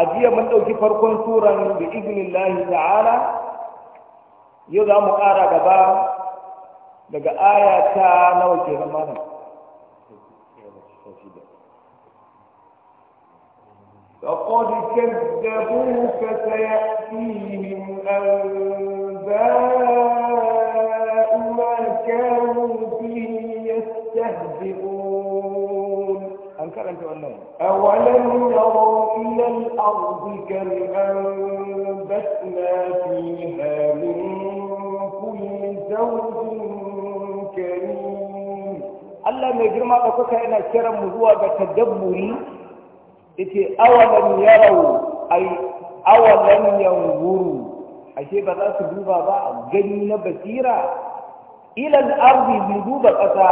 a jiya mun ɗauki farkon turan da iznillahi ta'ala yau za mu ƙara gaba daga aya ta nawa ke malam فقد كذبوك فيأتيهم أنباء ما كانوا به يستهزئون an karanta wannan awalan yaraw ila al-ard kam anbatna fiha min kulli zawjin karim Allah mai girma da kuka yana kiran mu zuwa ga tadabburi yace awalan yaraw ai awalan yanzuru ashe ba za su duba ba gani na basira ilal arzi bai duba ƙasa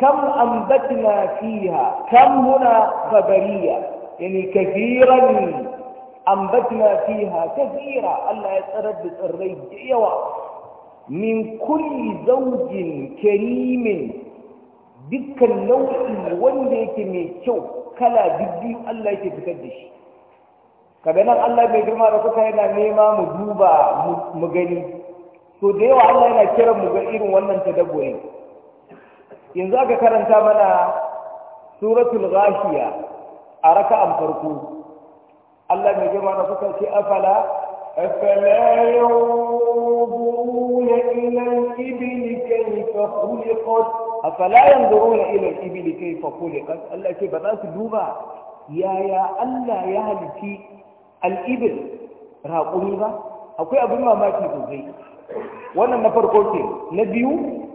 كم أنبتنا فيها كم هنا خبرية يعني كثيرا أنبتنا فيها كثيرا ألا يتردد الريب يوا من كل زوج كريم دكا نوع وليك من شو كلا دبي ألا يتفتدش kaga nan Allah mai girma da kuka yana nema mu duba mu gani to da yawa Allah yana kiran mu ga irin wannan tadabburi yanzu aka karanta mana suratul ghashiya a raka'an farko Allah mai girma da kuka ce afala afala yanzuruna ila al-ibli kayfa khuliqat afala yanzuruna ila al-ibli kayfa khuliqat Allah ce ba za su duba yaya Allah ya halitti al-ibl raƙumi ba akwai abin mamaki sosai wannan na farko ce na biyu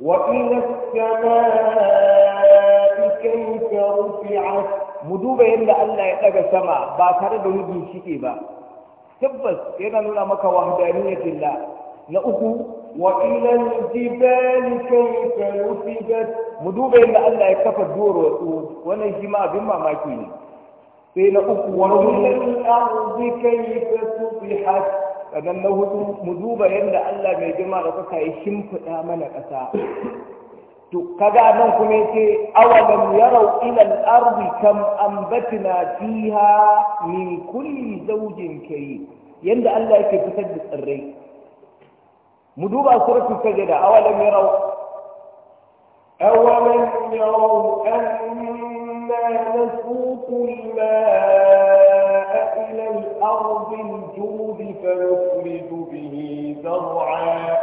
وإلى السماء كيف رفعت مدوبة إلا الله يتقى سما باتر دهجي شئبا تبس إنا نولا مكا وحدانية الله نأكو وإلى الجبال كيف رفعت مدوبة إلا الله يكفى الدور وطوف ونجمع بما ما كيني سينا أكو وإلى الأرض كيف سطحت sannan na hudu mu duba yadda Allah mai girma da kuka yi shimfiɗa mana ƙasa to kaga nan kuma yace awalam yarau ila al-ardi kam ambatna fiha min kulli zawjin karim yanda Allah yake fitar da tsirrai mu duba suratul sajda awalam yarau awalam yarau anna nasuqu maa إلى الأرض الجود فنخرج به زرعا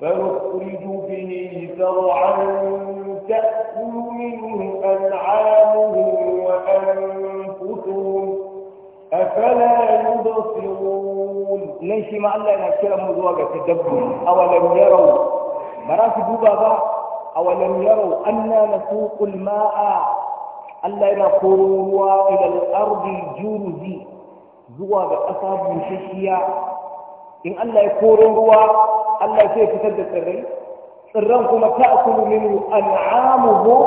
فنخرج به زرعا تأكل منه أنعامهم وأنفسهم أفلا يبصرون ليس ما الله ينكر مزوجة تدبر أولم يروا مراتب بابا أولم يروا أنا نسوق الماء Allah yana koro ruwa ilal ardi juruzi zuwa ga ƙasa bushashiya in Allah ya koro ruwa Allah zai fitar da tsirrai tsirran kuma ta'kulu minhu an'amuhum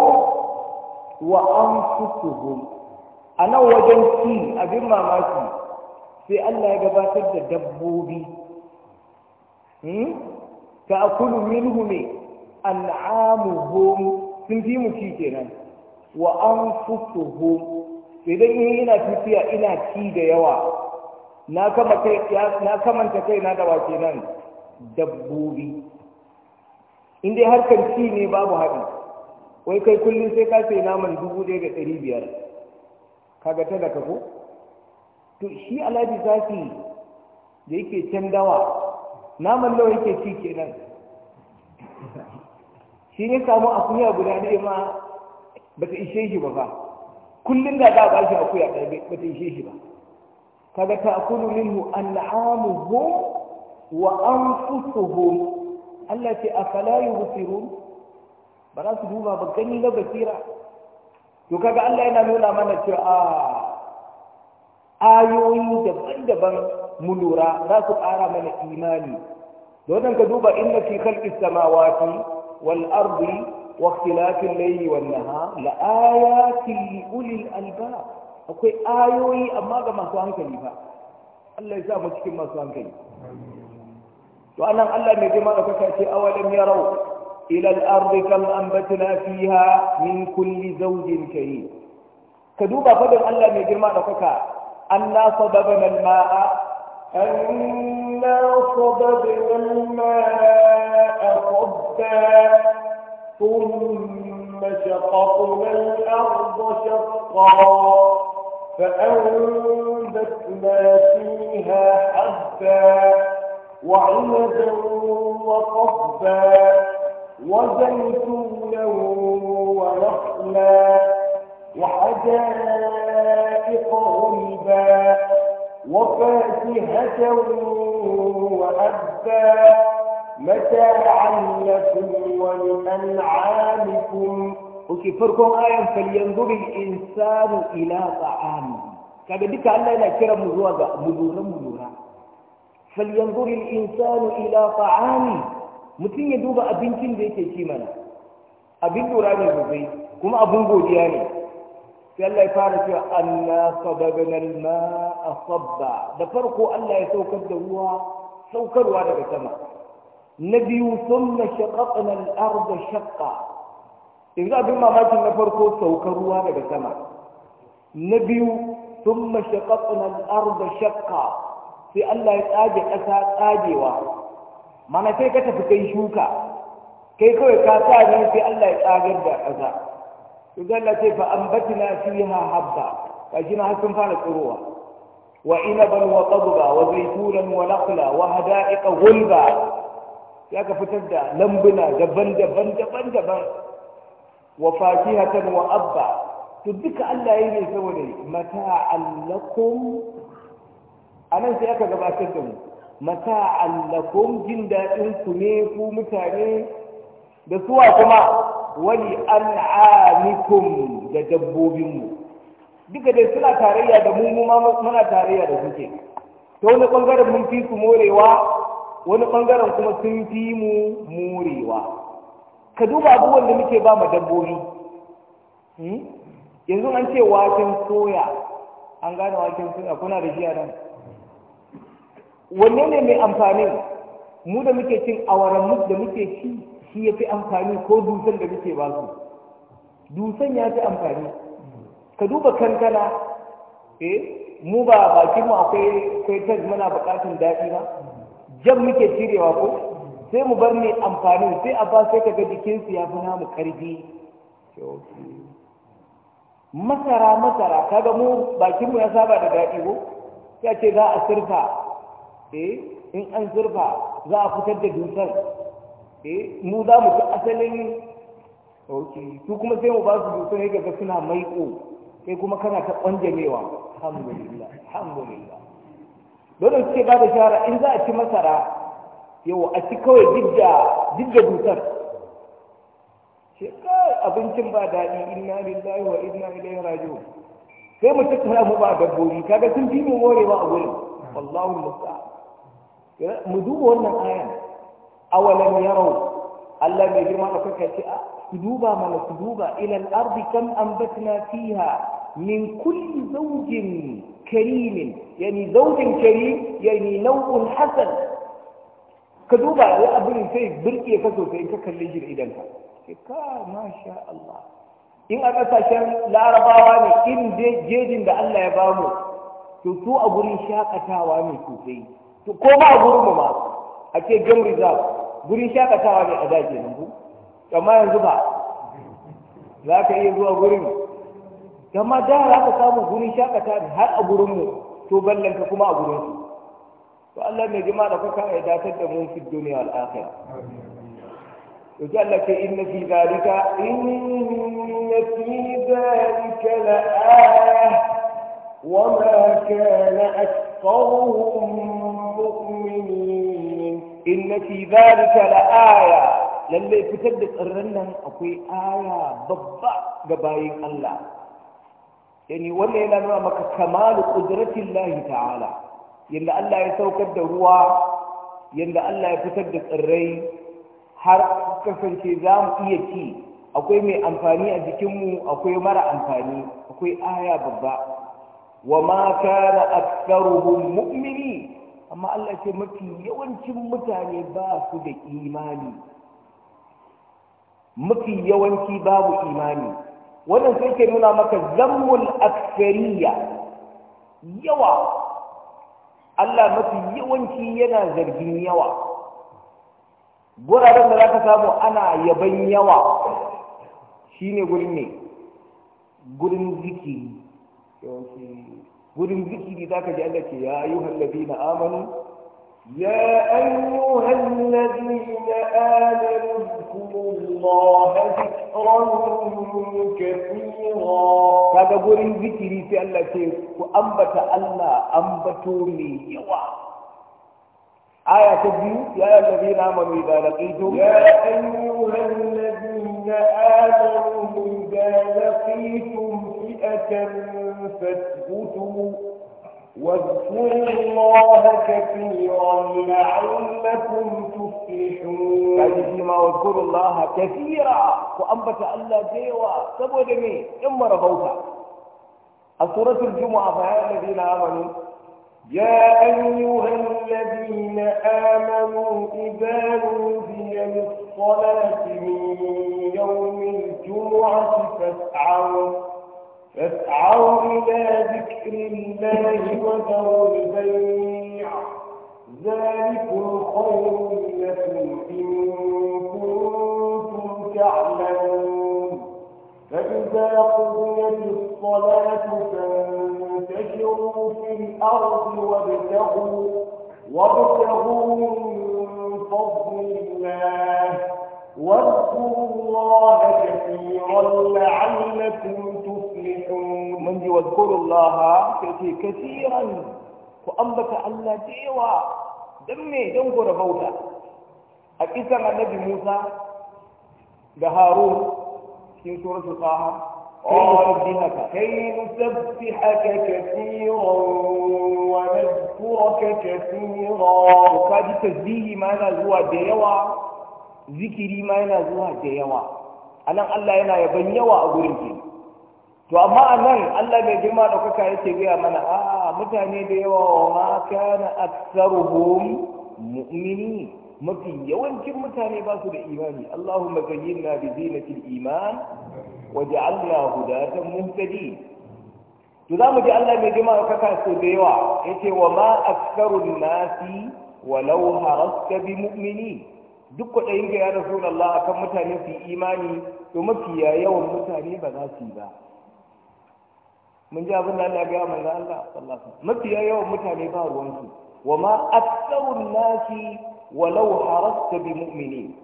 wa anfusuhum a nan wajen ki abin mamaki sai Allah ya gabatar da dabbobi hmm? ta'kulu minhu ne an'amuhum sun fi mu kenan wa sai idan in ina tafiya ina ci da yawa na kama kai na kamanta kai na da wace nan dabbobi in dai harkar ci ne babu haɗi wai kai kullum sai ka sai naman dubu ɗaya da ɗari biyar kaga ta ka ko to shi alhaji zafi da yake can dawa naman nawa yake ci kenan shi ne samu akuya guda ɗaya ma ba ta ishe shi ba ba, kullum da za a bashi akuya ɗaya ba ta ishe shi ba kaga ta kulu minhu an'amuhum wa anfusuhum Allah ce afala yubsirun ba za su duba ba gani na basira to kaga Allah yana nuna mana cewa a ah, ayoyi daban-daban mu lura za su ƙara mana imani don ka duba inna fi khalqis samawati wal ardi واختلاف الليل والنهار لآيات لأولي الألباب akwai ayoyi amma ga masu hankali ba Allah ya sa mu cikin masu hankali to anan Allah mai girma da kaka ce awalam yarau ila al-ardi kam anbatna fiha min kulli zawjin karim ka duba fadin Allah mai girma da kaka anna sababana al-ma'a anna sababana al-ma'a qabba ثم شققنا الأرض شقا فأنبتنا فيها حبا وعنبا وقبا وزيتونا ونخلا وحدائق غلبا وفاكهة وأبا متاعا لكم ولأنعامكم oke farkon ayan falyanzur al-insanu ila ta'ami kaga duka Allah yana kira mu zuwa ga mulura mulura falyanzur al-insanu ila ta'ami mutum ya duba abincin da yake ci mana abin lura ne sosai kuma abin godiya ne sai Allah ya fara cewa da farko Allah ya saukar da ruwa saukarwa daga sama نبي ثم شققنا الأرض شقا إذا بما ما كنا فرقوا سوكروا هذا سما نبي ثم شققنا الأرض شقا في الله يتاجي أسا تاجيوا ما كتب تفكي شوكا كي كوي كاتاني في الله يتاجي أسا يقول لك فأنبتنا فيها حبا فجنا هكذا فعلت قروها وإنبا وقضبا وزيتونا ونخلا وحدائق غلبا ya ka fitar da lambuna daban-daban daban-daban wa fakihatan wa abba to duka Allah yake yi saboda mata'an lakum anan sai aka gabatar da mu mata'an lakum jin daɗin ku ne ku mutane da suwa kuma wani an'amikum da dabbobinmu duka dai suna tarayya da mu mu ma muna tarayya da suke ta wani ɓangaren mun fi su morewa wani ɓangaren kuma sun fi mu murewa ka duba abubuwan da muke ba mu dabbobi hmm? yanzu an ce waken soya an gane waken soya kuna da jiya nan wanne ne mai amfani mu da muke cin awaran mu da muke ci shi ya fi amfani ko dusan da muke ba su dusan ya fi amfani ka duba kankana eh mu ba bakin mu akwai kwaitar mana bukatun daɗi ba jan muke cirewa ko sai mu bar ne amfani sai a ba sai ka ga jikinsu ya fi namu karfi masara masara kaga mu bakin mu ya saba da daɗi ko sai ce za a surfa eh in an surfa za a fitar da dusar eh mu za mu ci asalin ok su kuma sai mu ba su dusar ya ga suna maiƙo sai kuma kana ta ƙwanjamewa alhamdulillah alhamdulillah dole suke ba da shahara in za a ci masara yau a ci kawai duk da dusar ce kai abincin ba daɗi inna lillahi wa inna ilaihi raji'un sai mu tattara mu ba dabbobi kaga sun fi mu ba a gurin wallahu musta'an mu duba wannan ayan awalam yaro? Allah mai girma da kuka ce a su duba mana su duba ilal ardi kam ambatna fiha من كل زوج كريم يعني Ka كريم يعني نوع حسن كذوبا يا أبن سيد ka kalli سيد كاللي ka. إذن ما شاء Allah. in a ƙasashen larabawa ne irin jejin da Allah ya bamu to su a gurin shakatawa ne sosai to ko ba a gurin mu ma a ce gam reserve gurin shakatawa ne a daji ku amma yanzu ba za ka iya zuwa gurin amma da haka samu gurin shakata ne har a gurin mu to ballanka kuma a gurin su to Allah mai jima da kuka ya datar da mu fi duniya wal akhirah to ji Allah ke inna fi zalika inna fi zalika la wa ma kana aktharuhum mu'minin inna fi zalika la aya lalle fitar da tsirran nan akwai aya babba ga bayin Allah yani wannan yana nuna maka kamalu qudratin lahi ta'ala yanda Allah ya saukar da ruwa yanda Allah ya fitar da tsirrai har kasance za mu iya ci akwai mai amfani a jikinmu akwai mara amfani akwai aya babba wa ma kana aktharuhum mu'mini amma Allah ce mafi yawancin mutane ba su da imani mafi yawanci babu imani wannan sai ke nuna maka zammul aksariya yawa Allah mafi yawanci yana zargin yawa guraren da za ka samu ana yaban yawa shine gurin ne gurin zikiri yawanci gurin zikiri za ka ji Allah ce ya ayyuhal na amanu يا أيها الذين آمنوا اذكروا الله ذكرا كثيرا هذا قول الذكر في الله وأنبت الله أنبتوا لي يوا آية تبيو يا الذين آمنوا إذا لقيتم يا أيها الذين آمنوا إذا لقيتم فئة فاثبتوا واذكروا الله كثيرا لعلكم تفلحون كذلك فيما واذكروا الله كثيرا وأنبت ألا ديوا سبو دمي إما ربوتا السورة الجمعة فيا الذين آمنوا يا أيها الذين آمنوا إذا نودي للصلاة من يوم الجمعة فاسعوا فاسعوا إلى ذكر الله وذروا البيع ذلك خير لكم إن كنتم تعلمون فإذا قضيت الصلاة فانتشروا في الأرض وابتغوا وابتغوا من فضل الله واذكروا الله كثيرا لعلكم تفلحون من يذكر الله كثيرا فأنبت الله ديوا دمي دنكو رفوتا أكثر النبي موسى بهارون في سورة طه كي نسبحك كثيرا ونذكرك كثيرا وكاد تزيه ماذا هو ديوى zikiri ma yana zuwa da yawa anan Allah yana yaban yawa a gurin ke to amma anan Allah mai girma da kuka yake gaya mana a mutane da yawa wa ma kana aktsaruhum mu'mini mafi yawancin mutane ba su da imani Allahumma zayyinna bi zinatil iman ja'alna hudatan muhtadi to zamu ji Allah mai jima da kuka so da yawa yace wa ma aktharun nasi walau harasta bi mu'mini duk kwaɗayin ga Allah a akan mutane su yi imani to mafiya yawan mutane ba za su yi ba mun ji abin da Allah ga manzo Allah sallallahu alaihi wasallam mafiya yawan mutane ba ruwan su wa ma aktharun nasi walau harasta bi mu'mini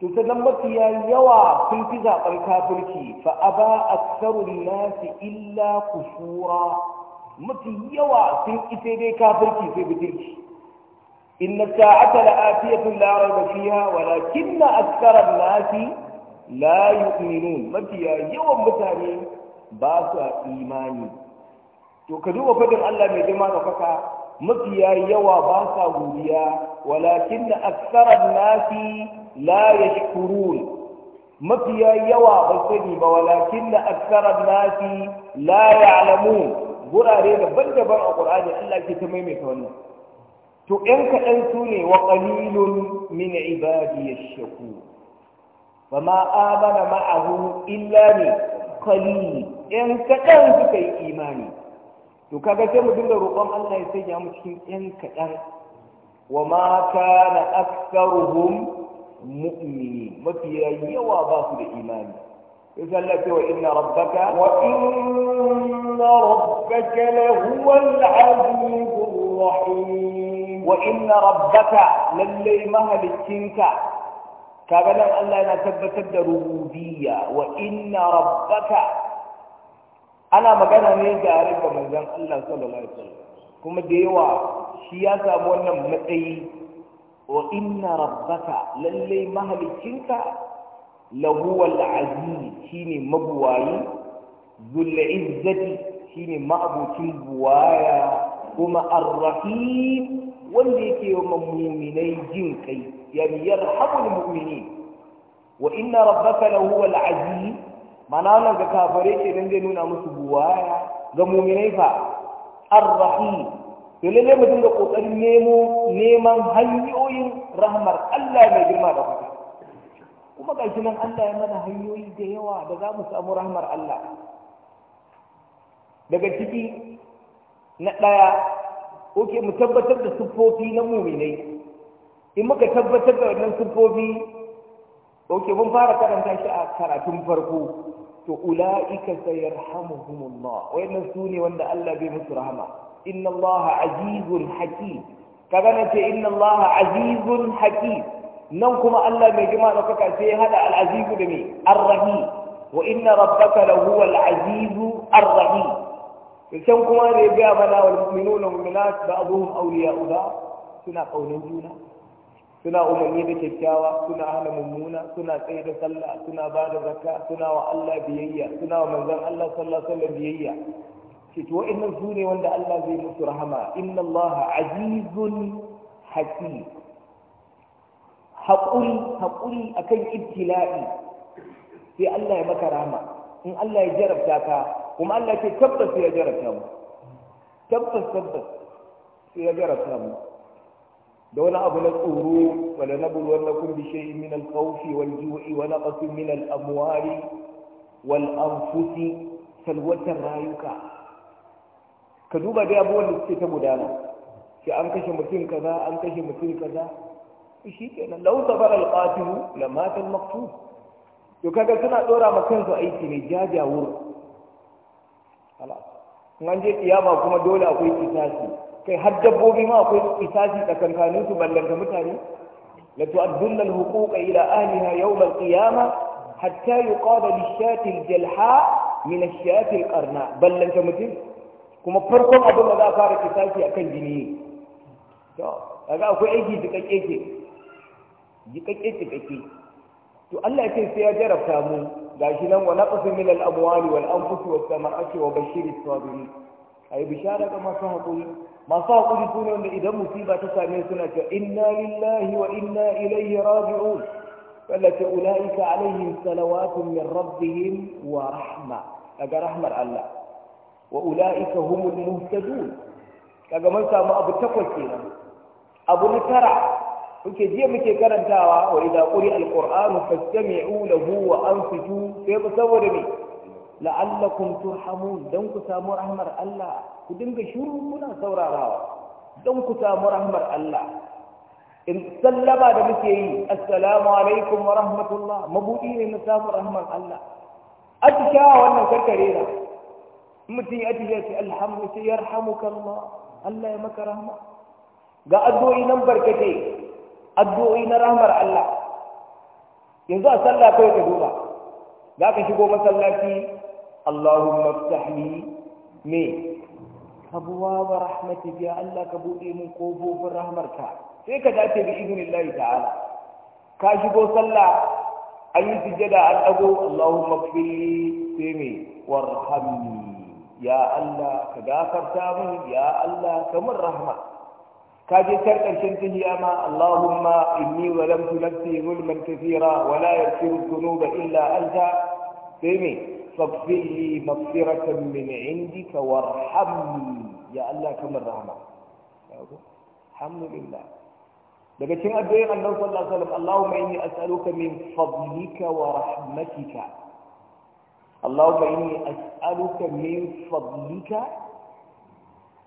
to sanan mafiya yawa sun fi zaɓar kafirci fa aba aktharun nasi illa kusura. mafi yawa sun ita dai kafirci sai bitirci إن الساعة لآتية لا ريب فيها ولكن أكثر الناس لا يؤمنون مفيا يوم متاني باسا إيماني to ka duba fadin Allah mai girma da kaka mafiya yawa ba sa godiya walakin na aksarar nasi la yashkurun mafiya yawa ba sani ba walakin na aksarar nasi la ya'lamun gurare daban-daban a Qur'ani Allah ke ta maimaita wannan to ‘yan kaɗan su ne wa ƙalilun min ibadiyar shaku ba ma amana ma'ahu illa ne ƙalili ‘yan kaɗan suka yi imani to kaga sai mu dinga roƙon Allah ya sanya mu cikin ‘yan kaɗan wa ma kana aksaruhum mu'mini mafiya yawa ba su da imani يسلك وإن ربك وإن ربك لهو العزيز الرحيم wa inna rabbaka lallai mahalicinka kaga nan Allah yana tabbatar da rububiyya wa inna rabbaka ana magana ne da harkar manzan Allah sallallahu alaihi wasallam kuma da yawa shi ya samu wannan matsayi wa inna rabbaka lallai mahalicinka lahuwal aziz shine mabuwayi dhul izzati shine ma'abucin buwaya kuma ar-rahim wanda yake yi wa mu'minai jin kai ya yani yarhamul mu'minin wa ina rabbaka na huwa la'azi? mana nan ga kafare ke nan zai nuna musu buwa ga mu'minai fa an rahim to lalle mu dinga kokarin neman hanyoyin rahmar Allah mai girma da kuka kuma shi nan Allah ya mana hanyoyi da yawa da za mu samu rahmar Allah daga ciki na ɗaya oke mu tabbatar da siffofi na muminai in muka tabbatar da wannan siffofi oke mun fara karanta shi a karatun farko to ula'ika sayarhamuhumullah wayannan su wanda Allah bai musu rahama inna Allah azizun hakim kaga na ce inna Allah azizun hakim nan kuma Allah mai jima da kaka sai hada al-azizu da me ar-rahim wa inna rabbaka lahuwal azizu ar-rahim can kuma da ya gaya mana wal mu'minuna da ba'dhum awliya'u ba suna kaunan juna suna umarni da kyakkyawa suna hana mummuna suna tsaye da sallah suna ba da zakka suna wa Allah biyayya suna wa manzon Allah sallah alaihi biyayya ce to wa'annan su ne wanda Allah zai musu rahama inna Allah azizun hakim haƙuri haƙuri akan ibtila'i sai Allah ya maka rahama in Allah ya jarabta ka kuma Allah ce tabbas ya jarabta mu tabbas tabbas sai ya jarabta mu da wani abu na tsoro wala nabul na kulli shay min al khawf wal ju'i wa naqas min al amwali wal anfusi salwatan rayuka ka duba da abubuwan da suke ta gudana sai an kashe mutum kaza an kashe mutum kaza shi kenan lau sabar al qatilu lamata al maqtul to kaga suna dora ma kansu aiki ne jajawur an je kiyama kuma dole akwai kisasi kai har dabbobi ma akwai kisasi tsakankanin su ballanta mutane la tu'addunna al-huquqa ila ahliha yawm al-qiyama hatta yuqada lish-shati al-jalha min ash-shati al-qarna ballanta mutum kuma farkon abin da za a fara kisasi akan jini to kaga akwai aiki jikakke ke jikakke jikakke to Allah yake sai ya jarabta mu gashi nan wa naqsu min al amwali wal anfusi was samarati wa bashiri sabirin ai bishara ga masu hakuri masu hakuri sune wanda idan musiba ta same suna ce inna lillahi wa inna ilaihi raji'un wallace ulaika alaihim salawatun min rabbihim wa rahma daga rahmar Allah wa ulaika humul muhtadun kaga mun samu abu takwas kenan abu na tara kuke jiya muke karantawa wa idza quri alqur'anu fastami'u lahu wa ansitu sai ku saboda me la'allakum turhamun dan ku samu rahmar Allah ku dinga shiru kuna saurarawa dan ku samu rahmar Allah in sallama da muke yi assalamu alaikum wa rahmatullah mabudi ne na samu rahmar Allah Acikawa wannan karkare na mutum ya atisha sai alhamdu sai yarhamukallah Allah ya maka rahma ga addu'o'i nan barkatai addu'o'i na rahmar Allah yanzu a sallah kawai ka duba za ka shigo masallaci Allahumma ftahli me abuwa wa rahmati ya Allah ka buɗe min kofofin rahmarka sai ka dace bi idnillahi ta'ala ka shigo sallah an yi sujjada an dago Allahumma ftahli sai me warhamni ya Allah ka gafarta min ya Allah ka min rahmar ka je tar ƙarshen tahiya ma Allahumma inni zalamtu nafsi zulman kathira wa la yaghfiru dhunuba illa anta sai me faghfir li maghfiratan min indika ya Allah daga cikin addu'o'in Annabi sallallahu alaihi wasallam Allahumma inni as'aluka min fadlika wa rahmatika Allahumma inni as'aluka min fadlika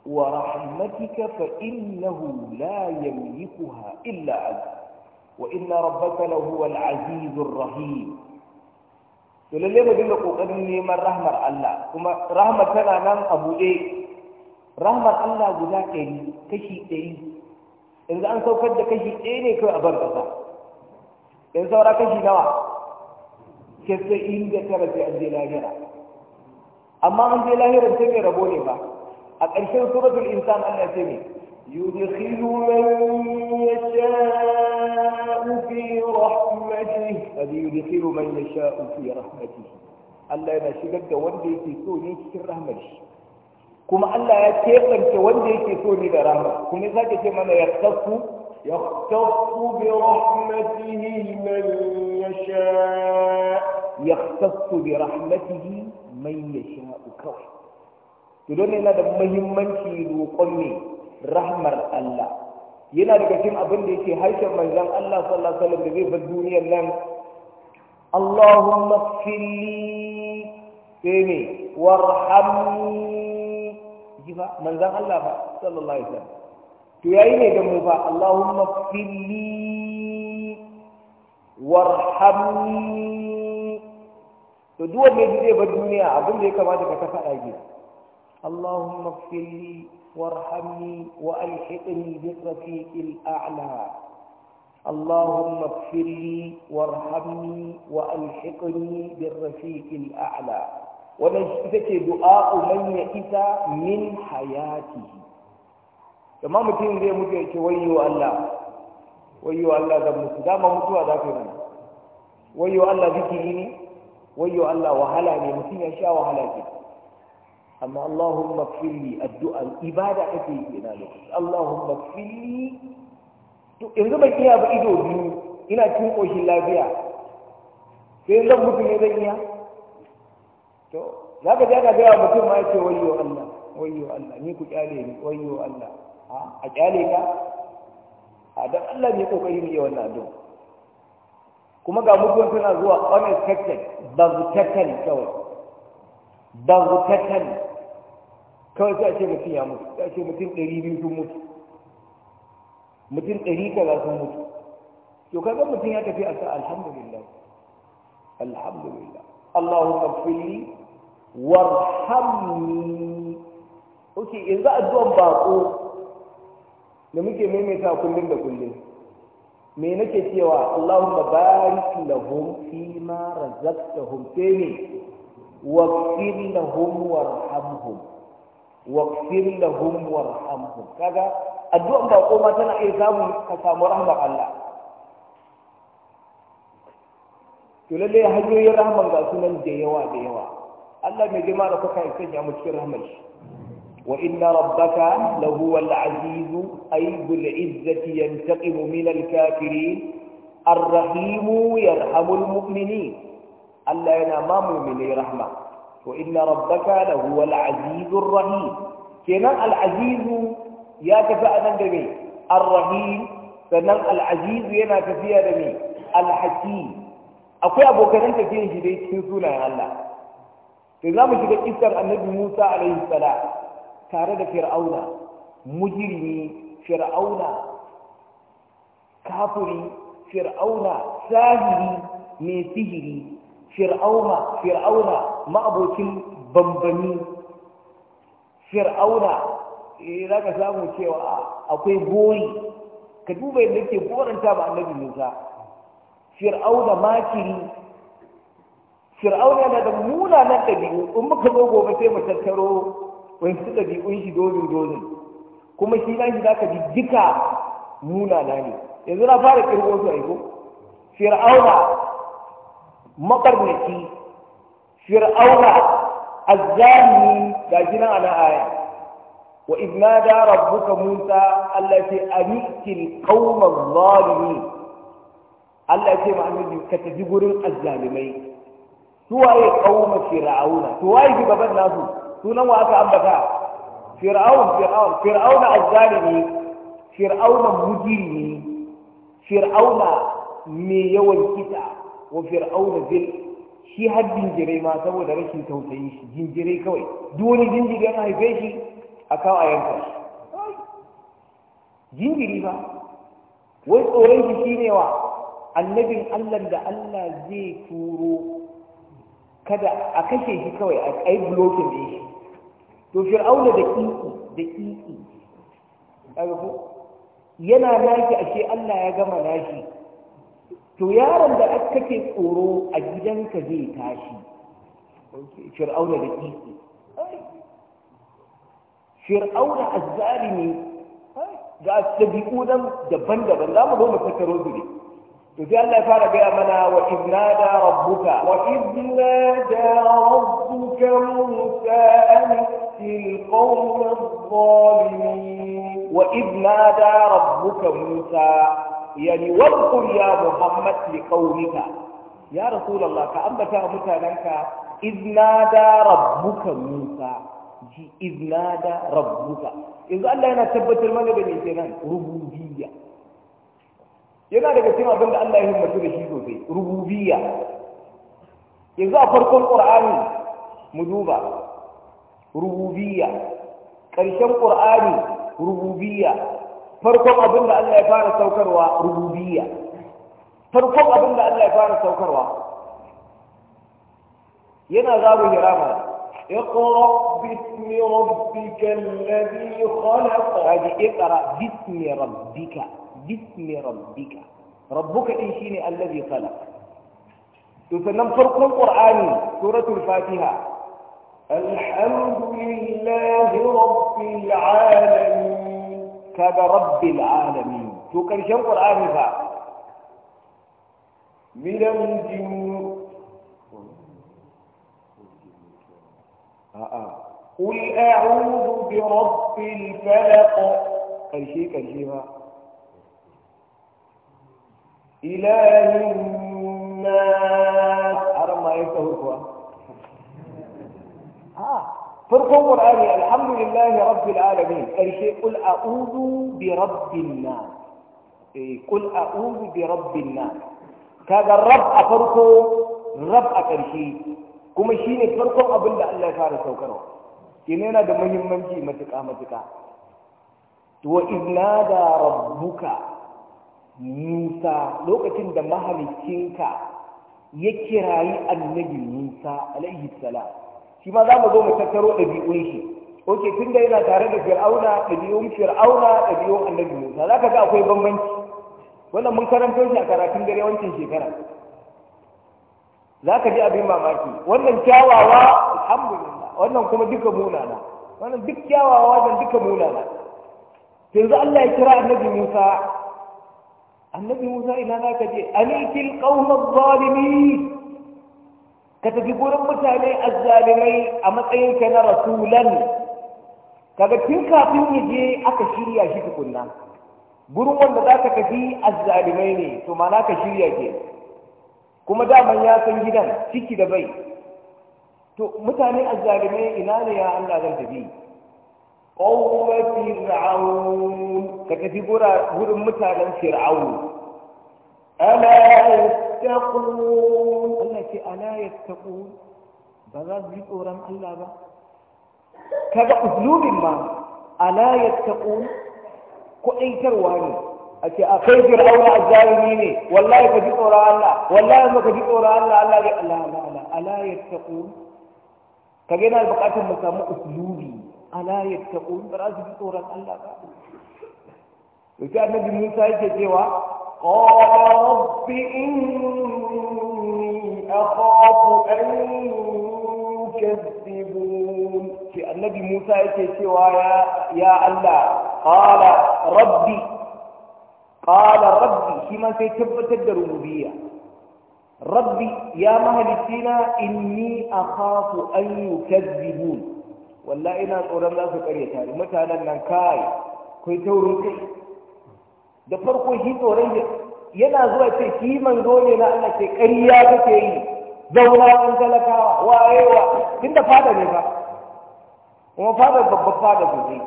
ورحمتك فإنه لا يملكها إلا أنت وإن ربك لهو العزيز الرحيم to lalle mu dinga kokarin neman rahmar Allah kuma rahmar tana nan a buɗe rahmar Allah guda ɗari kashi ɗari yanzu an saukar da kashi ɗaya ne kawai a bar ƙasa yanzu saura kashi nawa sai sai in da tara sai an je lahira amma an je lahirar sai mai rabo ne ba الأنسان سورة الإنسان أن أتني يدخل من يشاء في رحمته هذه يدخل من يشاء في رحمته ألا يناشدك وندي في سوني في الرحمة كما ألا يتيقن وندي في سوني في الرحمة كما ذاك كما يختص يختص برحمته من يشاء يختص برحمته من يشاء كرحمته to don yana da muhimmanci roƙon ne rahmar Allah yana daga cikin abin da yake harshen manzon Allah sallallahu alaihi wasallam da zai bar duniyar nan Allahumma fili sai ne warhamni ji ba manzon Allah ba sallallahu alaihi wasallam to yayi ne da mu ba Allahumma fili warhamni to duk wanda zai bar duniya abin da ya kamata ka faɗa gida اللهم اغفر لي وارحمني وألحقني بالرفيق الأعلى اللهم اغفر لي وارحمني وألحقني بالرفيق الأعلى ونشتكي دعاء من يئس من حياته كما متين زي متى ويو الله ويو الله ذا متى دام متوا ذاك من ويو الله ذكريني ويو الله وهلا متين أشياء وهلا كده amma Allahumma kfirli addu'an ibada kake yi ina lokaci Allahumma kfirli to yanzu ban iya ba ido biyu ina cin ƙoshin lafiya sai zan mutu ne zan iya to za ka ga gaya mutum ma ya ce wayyo Allah wayyo Allah ni ku kyale ni wayyo Allah a kyale ka a dan Allah ne kokari mu yi wannan addu'a kuma ga mutuwan suna zuwa unexpected ba zutatan kawai ba zutatan kawai sai a ce mutum ya mutu sai a ce mutum ɗari biyu sun mutu mutum ɗari kaza sun mutu to kaga mutum ya tafi a sa alhamdulillah alhamdulillah Allahu kafili warhamni ok yanzu addu'an bako da muke maimaita kullum da kullum me nake cewa Allahumma barik lahum fi ma razaqtahum sai ne wa lahum warhamhum واغفر لهم وارحمهم كذا الدعاء باقو ما تنا إيسام كسام رحمة الله تلالي هجو يرحمة سنن ديوا ديوا الله مجمع لك يسجع مشكل رحمة وإن ربك هو العزيز أي ذو العزة ينتقم من الكافرين الرحيم يرحم المؤمنين الله ينام مؤمنين رحمه wa inna rabbaka la huwa kenan al'azizu ya tafi nan da me ar-rahim sannan al'azizu yana tafiya da me al-hakim akwai abokan tafiyan shi dai cikin sunayen Allah sai za mu shiga kissar annabi Musa alaihi salam tare da fir'auna mujrimi fir'auna kafiri fir'auna sahiri mai sihiri fir'auna fir'auna ma'abokin bambani fir'auna eh, za ka samu cewa akwai gori ka duba yadda ke goranta ba annabi musa fir'auna makiri fir'auna yana da munanan ɗabi'u in muka zo gobe sai mu tattaro wani su ɗabi'un shi dozin dozin kuma shi na shi za ka ji jika munana ne yanzu na fara kirgo su aiko fir'auna maɓarnaci fir'auna azzani ga gina ana aya wa idna da rabbuka musa allati amikil qauman zalimin Allah ya ce ma annabi ka tafi gurin azzalimai suwaye kauma fir'auna to waye gaban nasu sunan wa aka ambata fir'aun fir'aun fir'auna azzalimi fir'auna mujrimi fir'auna mai yawan kita wa fir'auna zil shi har jinjirai ma saboda rashin tausayi shi jinjirai kawai duk wani jinjiri an haife shi a kawo a yanka shi jinjiri ba wai tsoron shi shine wa annabin Allah da Allah zai turo kada a kashe shi kawai a yi blokin din shi to fir'auna da kiki da kiki yana naki ashe Allah ya gama nashi to yaron da aka kake tsoro a gidanka zai tashi shir'auna da kisi fir'auna ne ga dabi'u nan daban-daban za mu zo mu tattaro su ne to sai Allah ya fara gaya mana wa iznada rabbuka wa iznada rabbuka musa an القوم الظالمين وإذ نادى ربك Musa. yani wadkur ya muhammad li qaumika ya rasulullah ka ambata mutananka iznada rabbuka musa ji iznada rabbuka yanzu Allah yana tabbatar mana da me kenan rububiyya yana daga cikin abin da Allah ya himmatu da shi sosai rububiyya yanzu a farkon qur'ani mu duba rububiyya ƙarshen qur'ani rububiyya farkon abin da Allah ya fara saukarwa rububiyya farkon abin da Allah ya fara saukarwa yana zamu hirama اقرأ باسم ربك الذي خلق هذه اقرأ باسم ربك باسم ربك ربك إن شيني الذي خلق تسلم فرق القرآن سورة الفاتحة الحمد لله رب العالمين kaga rabbil alamin to karshen qur'ani fa minan jin a'a qul a'udhu bi rabbil falaq karshe karshe ba ilahin nas har ma yake kuwa a'a farkon qur'ani alhamdulillahi rabbil alamin ƙarshe qul a'udhu bi rabbin nas eh a'udhu bi rabbin nas kaga rabb a farko rabb a ƙarshe, kuma shine farkon abin da Allah ya fara saukarwa kene yana da muhimmanci matuƙa matuƙa wa iznada rabbuka musa lokacin da mahalicinka ya kirayi annabi musa alaihi salam shi ma za mu zo mu tattaro ɗabi'un shi oke tun da yana tare da fir'auna ɗabi'un fir'auna ɗabi'un annabi musa za ka ga akwai bambanci wannan mun karanto shi a karatun dare wancan shekara za ka ji abin mamaki wannan kyawawa alhamdulillah wannan kuma duka munana wannan duk kyawawa wannan duka munana yanzu Allah ya kira annabi Musa annabi Musa ina za ka je anikil ƙaunar zalimin ka tafi gurin mutane azzalimai a matsayin ka na rasulan kaga tun kafin ya je aka shirya shi tukunna gurin wanda za ka tafi azzalimai ne to mana ka shirya ke kuma daman ya san gidan ciki da bai to mutane azzalimai ina ne ya Allah zan tafi qawma fir'aun ka tafi gurin mutanen fir'aun ala yattaqun Allah ce ala yattaqun ba za su yi tsoron Allah ba kaga uslubin ma ala yattaqun ko ne a ce a kai fir'auna a zalimi ne wallahi ka ji tsoron Allah wallahi ma ka ji tsoron Allah Allah ya ala ala ala ala yattaqun kaga yana bukatar mu samu uslubi ala yattaqun ba za su yi tsoron Allah ba Yusuf Annabi Musa yake cewa قال رب إني أخاف أن يكذبون النبي موسى يتسوى يا, يا الله قال ربي قال ربي فيما سيتبت الربوبية ربي يا مهلتنا إني أخاف أن يكذبون والله إنا القرآن لا فكر يتعلم متى لنا كاي كي تورو كي da farko shi tsoron yana zuwa ce shi manzo ne na Allah ke ƙarya kake yi zauna in talakawa wayewa tun da fada ne ba kuma fada babban fada sosai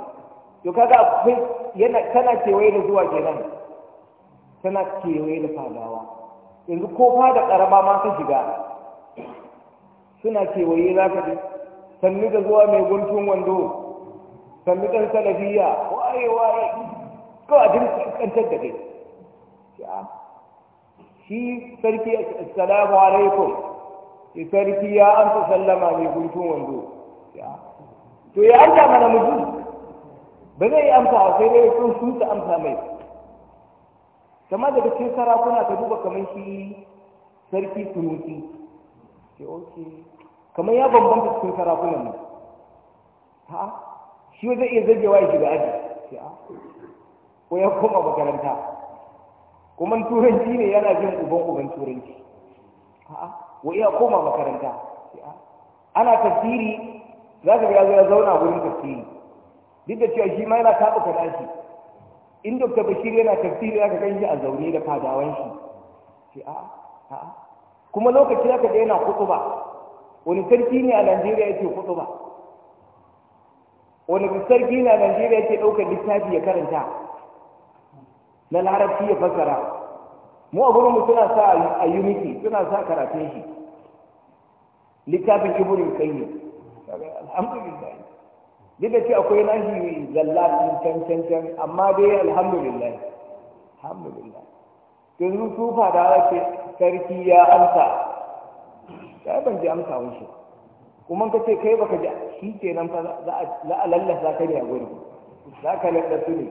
to kaga akwai yana tana kewaye da zuwa kenan tana kewaye da fadawa yanzu ko fada karama ma shiga suna kewaye za ka ji sannu da zuwa mai guntun wando sannu ɗan salafiya waye waye kawai a dirkantar da kai shi sarki assalamu alaikum shi sarki ya amsa sallama mai guntun wando to ya amsa mana mutum ba zai amsa a sai dai sun su ta amsa mai kama da cikin sarakuna ta duba kamar shi sarki sunusi ke oke kamar ya bambanta cikin sarakunan ne ha shi wajen iya zagewa ya shiga aji ko ya koma makaranta kuma turanci ne yana jin uban uban turanci a'a wa iya koma makaranta ana tafsiri za ka ga ya zauna wurin tafsiri duk da cewa shi ma yana taɓuka nashi in dr bashir yana tafsiri za ka gan shi a zaune da fadawan shi ce a'a a'a kuma lokaci za ka ga yana kutuba wani sarki ne a najeriya yake kutuba wani sarki ne a najeriya yake ɗaukar littafi ya karanta na larabci ya fassara mu a gurin suna sa a unity suna sa karatun shi littafin kai ne. alhamdulillah duk da ce akwai nashi zalla can can can amma dai alhamdulillah alhamdulillah yanzu tufa da ake sarki ya amsa ya ban ji amsa mushi kuma ka ce kai baka ji shi ke nan fa za a lallasa ka ne a gurin za ka lallasa ne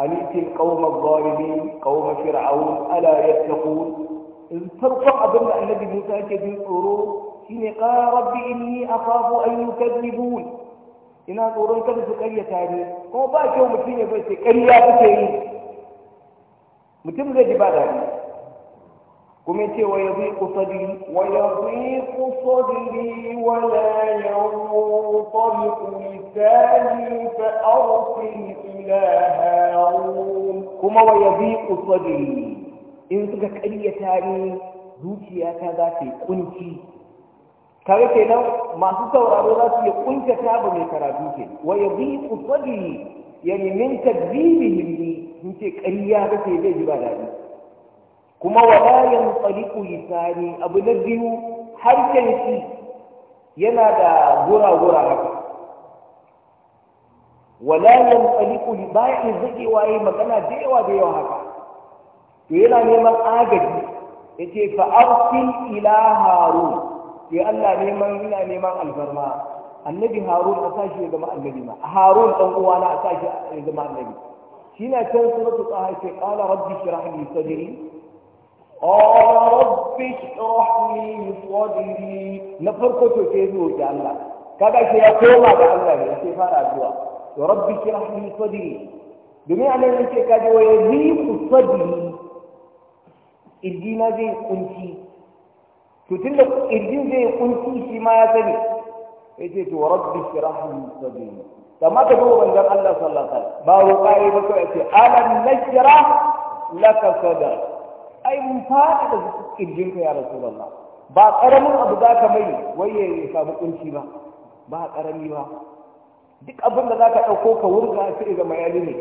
أن يأتي القوم الظالمين قوم فرعون ألا يتقون إن ترفع أبن الذي موسى كبير أورو حين قال ربي إني أخاف أن يكذبون إن أورو كان سكرية وما هو يوم ومتين يبقى سكرية بكي متم زي بعد هذه kuma ce wa yabi qasadi wa yabi qasadi wa la yanṭaliq lisani fa arsil ila harun kuma wa yabi qasadi in suka ƙaryata zuciya ta za ta yi kunci kare kenan masu sauraro za su iya kunta tabu mai karatu ke wa yabi ya nemi min zibi ni in ce ƙarya ke zai ji ba daɗi kuma wala faliku lisani abu na biyu harshen shi yana da gura-gura haka wala yanfaliqu li ba'i zaki waye magana da yawa da yawa haka to yana neman agaji yace fa arsil ila harun ya Allah neman ina neman alfarma annabi harun a sashi ya zama annabi ma harun dan uwana a sashi ya zama annabi shi na can suratu taha ce qala rabbi shrah li sadri قال رب اشرح لي صدري نفرق تكيدو يا الله كذا شيء يقوم على الله يسير على الدعاء رب اشرح لي صدري بمعنى انك كذا ويضيق صدري الدين زي كنتي تتل الدين زي كنتي فيما يتني ايتي تو اشرح لي صدري كما تقول من الله صلى الله عليه وسلم باو قائد بكو الم نشرح لك صدرك ai mun fada da kirjin ka ya rasulullah ba karamin abu za ka mai waye ya samu kunci ba ba karami ba duk abin da za ka ɗauko ka wurga sai ga mayali ne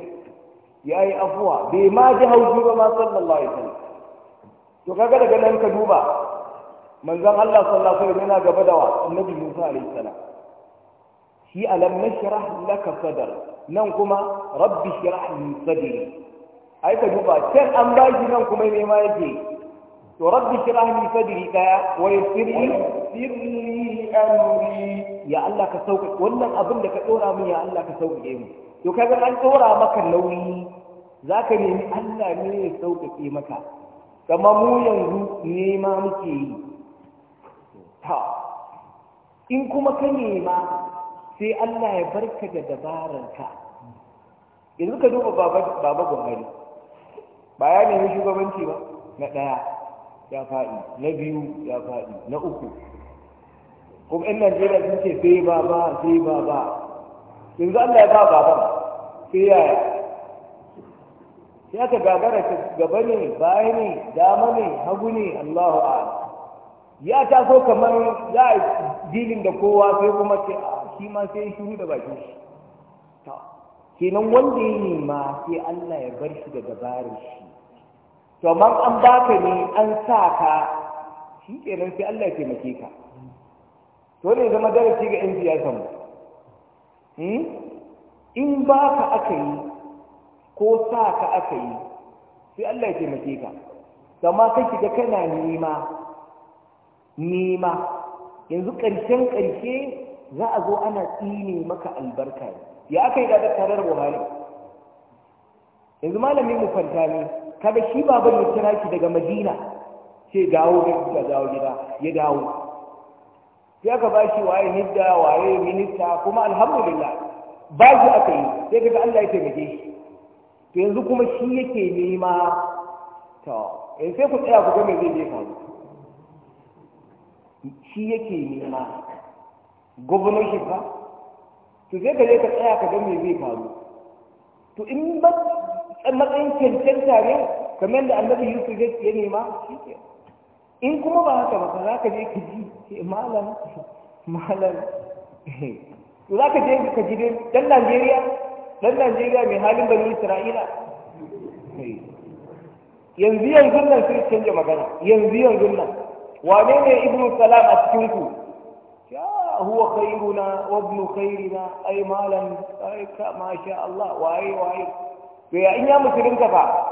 ya yi afuwa bai ma ji hauji ba ma sallallahu alaihi wasallam to kaga daga nan ka duba manzon Allah sallallahu alaihi wasallam yana gaba da wa annabi Musa alaihi salam shi alam nashrah laka sadr nan kuma rabbi shrah li sadri ai ka duba can an ba shi nan kuma nema yake to rabbi shrah li sadri daya wa yassir sirri amri ya Allah ka sauka wannan abin da ka dora min ya Allah ka sauke mu to kaga an dora maka nauyi zaka nemi Allah ne ya sauka ke maka kama mu yanzu nema muke yi ta in kuma ka nema sai Allah ya barka da dabararka yanzu ka duba baba baba Buhari ba ya nemi shugabanci ba na ɗaya ya faɗi na biyu ya faɗi na uku kuma in najeriya sun ce sai ba ba sai ba ba yanzu allah ya ba baban sai yaya sai aka gagara ta gaba ne baya ne dama ne hagu ne allahu a'ala ya so kamar ya dilin da kowa sai kuma ke a ah, shi ma sai shiru da bakin shi kenan wanda ya nema sai Allah ya bar shi da barin shi to amma an baka ne an sa ka shi kenan sai Allah ya taimake ka to ne zama darasi ga 'yan ya mu hmm? in ba ka aka yi ko sa ka aka yi sai Allah ya taimake ka amma kai kiga kana nema nema yanzu ƙarshen ƙarshe za a zo ana tsine maka albarka ne ya aka yi gadar tare da buhari yanzu malamin mu kwanta ne kada shi baban ya kira shi daga madina ce dawo ga dawo gida ya dawo sai aka ba shi waye hidda waye minista kuma alhamdulillah ba shi aka yi sai kaga Allah ya taimake shi to yanzu kuma shi yake nema to eh sai ku tsaya ku ga me zai je faru shi yake nema gwamnati ba to zai ka je ka tsaya ka ga me zai faru to in ba matsayin kyankyan ne kamar da annabi yusuf ya nema shi ke in kuma ba haka ba za ka je ka ji eh, malam malam eh. to za ka je ka ji dai dan najeriya dan najeriya mai halin bani isra'ila eh. yanzu yanzu nan sai canja magana yanzu yanzu nan wane ne ibnu salam a cikin ku هو خيرنا وابن خيرنا أي مالا ما شاء الله واي واي فيا إن يا مسلم كفا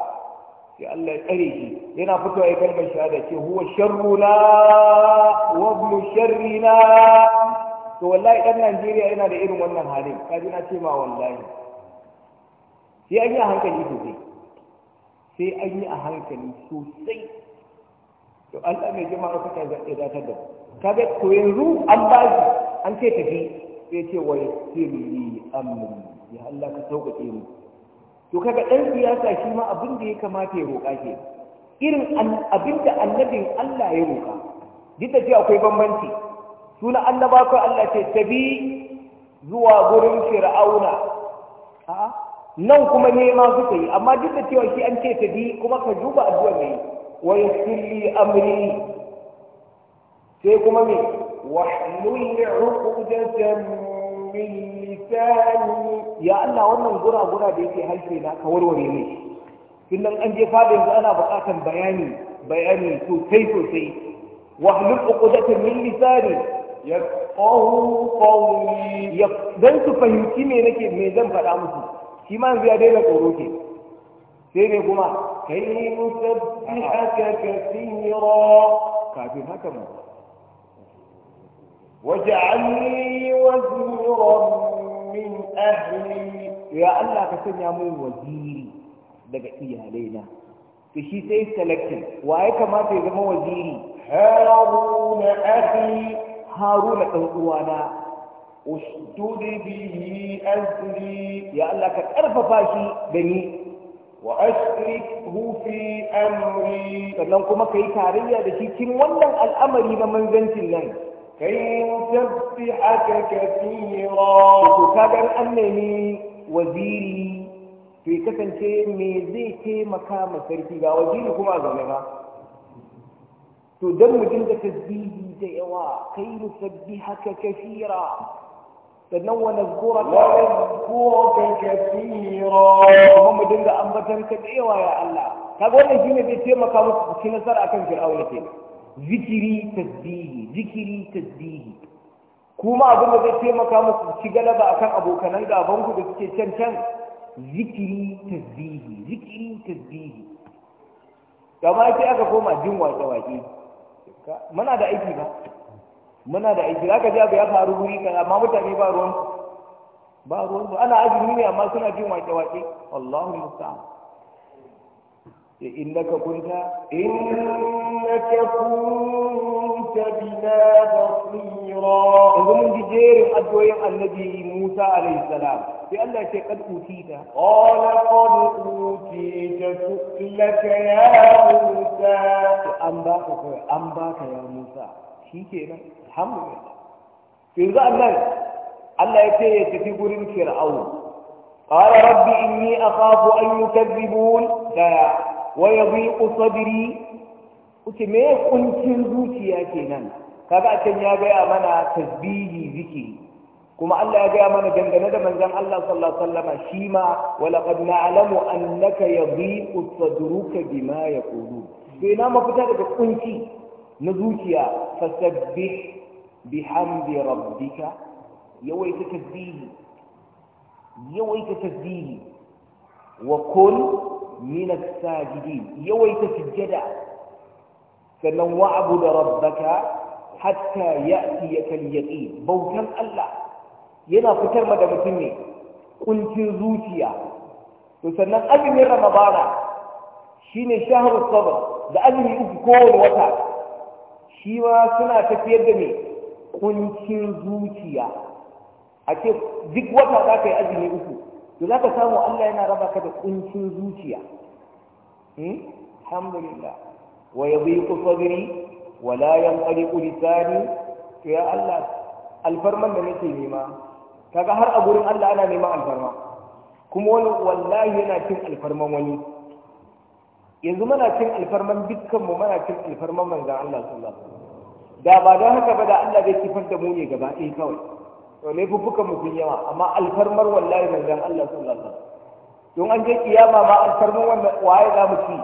في الله تريه لنا فتوى أي كلمة شهادة هو شرنا وابن شرنا to wallahi dan Najeriya yana da irin wannan halin kaji na ce ma wallahi sai an yi a hankali sosai sai an yi a hankali sosai to Allah mai jama'a ka ta zaɗe da ta da kaga to yanzu an ba shi an ce tafi sai ce wa yassirli amri ya Allah ka sauƙaƙe mu to kaga dan siyasa shi ma abin da ya kamata ya roƙa ke irin abin da annabin Allah ya roƙa duk da ce akwai bambanci suna annaba ko Allah ce tabi zuwa gurin fir'auna nan kuma ne ma suka yi amma duk da cewa shi an ce tabi kuma ka duba addu'a ne wa yassirli amri sai kuma me واحلل عقدة من لساني Ya Allah wannan gura gura da yake halfe na ka ne tun nan an je fada yanzu ana buƙatar bayani bayani sosai sosai wahlul uqdatan min lisani yafqahu qawli dan su fahimci me nake me zan faɗa musu shi ma yanzu ya daina tsoro ke sai ne kuma kai musabbihaka kathira kafin haka mu waj'alni waziran min ahli ya Allah ka sanya mun waziri daga iyalaina to shi sai selection wa ya kamata ya zama waziri haruna akhi haruna dan uwana ushdud bihi azri ya Allah ka karfafa shi da ni wa ashrikhu fi amri sannan kuma kai tarayya da shi cikin wannan al'amari na manzancin nan كي نسبحك كثيرا وكذا الأمني وزيري في كثن كي ميزيك مكام السريكي قال وزيري كما أظنها تدم جنة تزبيدي تيوا كي نسبحك كثيرا تنوى نذكورا ونذكورك كثيرا هم جنة أمبتن كتيوا يا الله كابولا جنة تيوا مكام السريكي نسر أكن فرعون كثيرا zikiri tasbihi zikiri tasbihi kuma abin da zai taimaka muku ci galaba akan abokanan gaban ku da suke can can zikiri tasbihi zikiri tasbihi kamar sai aka koma jin wake wake muna da aiki ba muna da aiki zaka ji abu ya faru guri kan, amma mutane ba ruwan ba ruwan ana azumi ne amma suna jin wake wake Allahu musta'an إنك كنت إنك كنت بنا بصيرا ومن جدير أدوية النبي موسى عليه السلام لأن شيء قد أوتيت قال قد أوتيت سؤلك يا موسى أنباك أنباك يا موسى شيء كده الحمد لله في annan Allah ya ce في tafi فرعون قال ربي إني أخاف أن يكذبون لا wa yadhiqu sadri kuce me kuncin zuciya kenan kaga a can ya gaya mana tasbihi zikiri kuma Allah ya gaya mana dangane da manzon Allah sallallahu alaihi wasallam shi ma wa laqad na'lamu annaka yadhiqu sadruka bima yaqulu to ina mafita daga kunci na zuciya fasabbih bihamdi rabbika yawaita tasbihi yawaita tasbihi wa kun min as yawaita sujjada sannan da rabbaka hatta harta ya yaqin bautan Allah yana fitar ma da mutum ne kuncin zuciya to sannan azumin ramadana ne shaharar sabr da azumi uku kowane wata shi ma suna tafiyar da mai kuncin zuciya a ce duk wata za ka yi azumi uku to za ka samu Allah yana raba ka da kuncin zuciya hmm? alhamdulillah wa ya bi yadhiqu sadri wa la yanqaliqu lisani to ya Allah alfarman da nake nema kaga har a gurin Allah ana neman alfarma kuma wani wallahi yana cin alfarman wani yanzu muna cin alfarman dukkan mu muna cin alfarman manzon Allah sallallahu alaihi wasallam da ba don haka ba da Allah zai kifar da mu ne gaba ɗaya kawai to laifuffukan mu sun yawa amma alfarmar wallahi manzon Allah sallallahu alaihi wasallam don an je kiyama ma alfarmar wannan waye za mu ci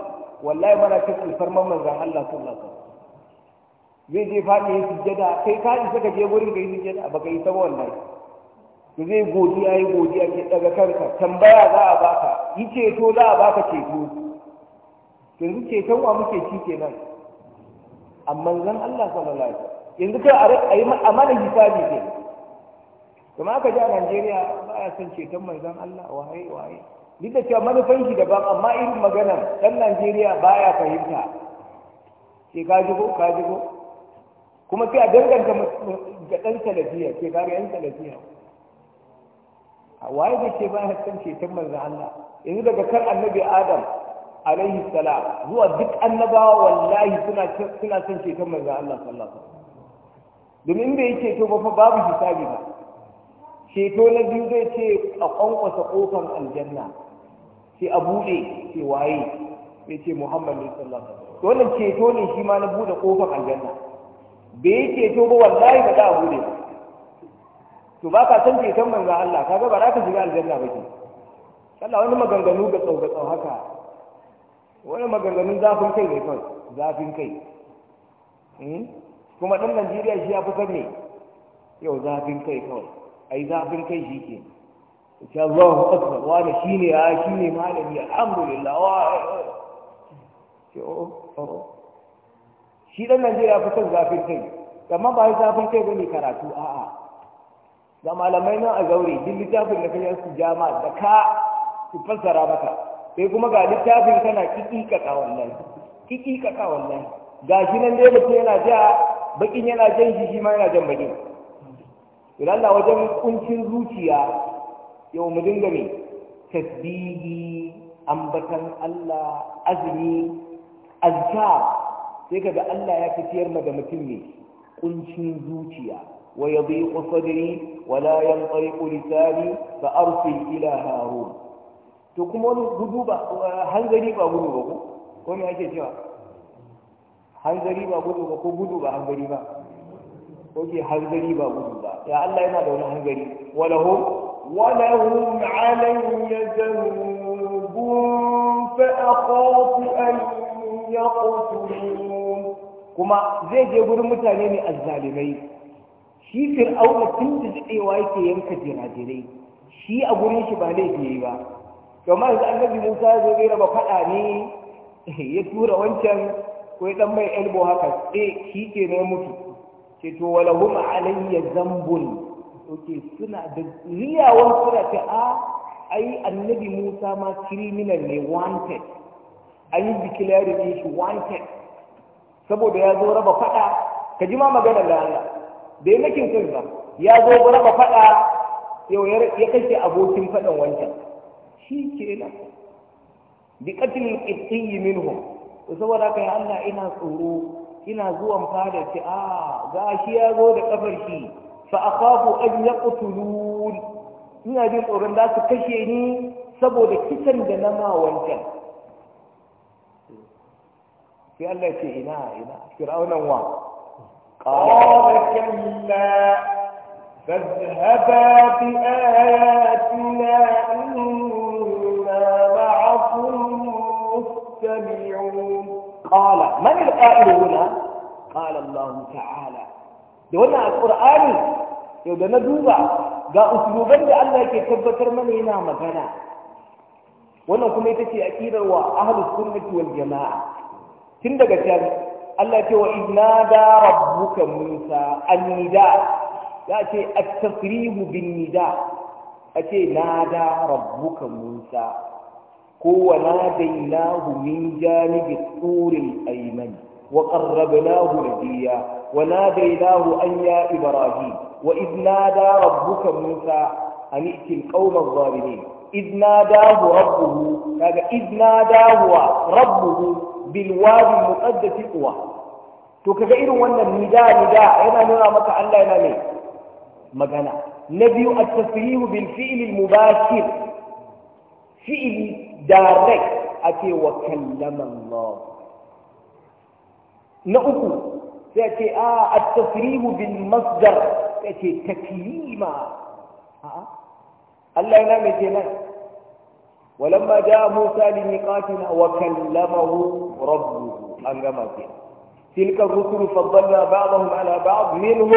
wallahi mana cin alfarmar manzon Allah sallallahu alaihi wasallam zai je faɗi ya sujjada kai ka isa ka je gurin ka yi sujjada ba ka yi saba wallahi to zai godiya yi godiya ke daga kanka tambaya za a baka yi ceto za a baka ceto yanzu ceton wa muke ci kenan amma zan Allah sallallahu alaihi wasallam yanzu kai a yi amana hisabi kenan kuma aka ji a najeriya ba ya son ceton manzon allah waye waye duk da cewa manufan shi daban amma irin maganar dan najeriya ba ya fahimta ke ka jigo ka jigo kuma sai a danganta ga dan salafiya ke ka ga yan salafiya waye da ke ya son ceton manzon allah yanzu daga kan annabi adam alaihi salam zuwa duk annabawa wallahi suna suna son ceton manzon allah sallallahu alaihi wasallam domin da yake to ba babu hisabi ba ceto na biyu zai ce a kwankwasa kofar aljanna sai a buɗe sai waye sai ce Muhammadu ne sallallahu alaihi wannan ceto ne shi ma na buɗe kofar aljanna bai ceto ba wallahi ba za a buɗe ba to ba ka san ceton manzo Allah kaga ba za ka shiga aljanna ba ke Allah wani maganganu ga tsau ga tsau haka wani maganganun zafin kai ne kawai zafin kai hmm? kuma ɗan Najeriya shi ya fi yau zafin kai kawai a yi zafin kai shi ke ta Allahu akbar wani shi ne ya shi ne malami alhamdulillah wa o o oh, oh, oh. shi dan Najeriya fi son zafin kai amma ba zafin kai bane karatu a'a ga malamai nan a zaure duk littafin da kai su jama'a da ka su fassara maka sai kuma ga littafin kana kikikaka wallahi kikikaka wallahi shi nan dai mutum yana ja bakin yana jan shi shi ma yana jan bakin idan Allah wajen kuncin zuciya yau mu dinga me tasbihi ambatan Allah azumi azkar sai kaga Allah ya fitiyar ma da mutum ne kuncin zuciya wa yadhiqu sadri wa la yanṭaliqu lisani fa arsil ila harun to kuma wani gudu ba hangari ba gudu ba ko ko me ake cewa hangari ba gudu ba ko gudu ba hangari ba ko hangari ba gudu ba ya Allah yana da wani hangari walahu walahu alayya dhanbun fa akhafu an yaqtulun kuma zai je gurin mutane ne azzalimai shi fir'auna tun da daɗewa yake yanka jirajirai shi a gurin shi ba laifi yayi ba kamar da annabi Musa ya zo gaira ba faɗa ne ya tura wancan ko ya dan mai elbow haka eh shi ke ne mutu ce to walahum alayya zambun oke suna da riyawan suna ce a ai annabi musa ma criminal ne wanted an yi ne shi wanted saboda ya zo raba fada ka ji ma magana da Allah bai makin kai ba ya zo raba fada yau ya kashe abokin fadan wancan shi kenan bi qatlil qibtiyyi minhum saboda kai Allah ina tsoro ina zuwan fada ce ah, a shi ya zo da kafar shi fa akhafu an yaqtulun ina jin tsoron za su kashe ni saboda kisan da na ma wancan sai Allah ce ina ina fir'aunan wa qala kalla فاذهبا بآياتنا إنا معكم مستمعون قال من القائل هنا قال الله تعالى da wannan alqur'ani yau da na duba ga usuluban da Allah yake tabbatar mana yana magana wannan kuma ita ce aqidar wa ahlus sunnati wal jamaa tun daga can Allah ce wa idnada rabbuka musa annida ya ce at-tasrihu bin nida ace nada rabbuka musa ko wanadainahu min a turil ayman wa qarrabnahu nadiya وناديناه أن يا إبراهيم وإذ نادى ربك موسى أن ائت القوم الظالمين إذ ناداه ربه إذ ناداه ربه بالوادي المقدس طوى to kaga irin wannan nida nida yana nuna maka Allah yana ne magana na biyu at-tasrih bil fi'l al mubashir fi'li direct a ce wa kallaman Allah na uku sai a ce a ah, at-tasrihu bin masdar sai ce taklima Allah yana mai ce nan walamma ja Musa li miqatina wa kallamahu rabbuhu an gama ke tilka rusulu faddalna ba'dahum ala ba'd minhum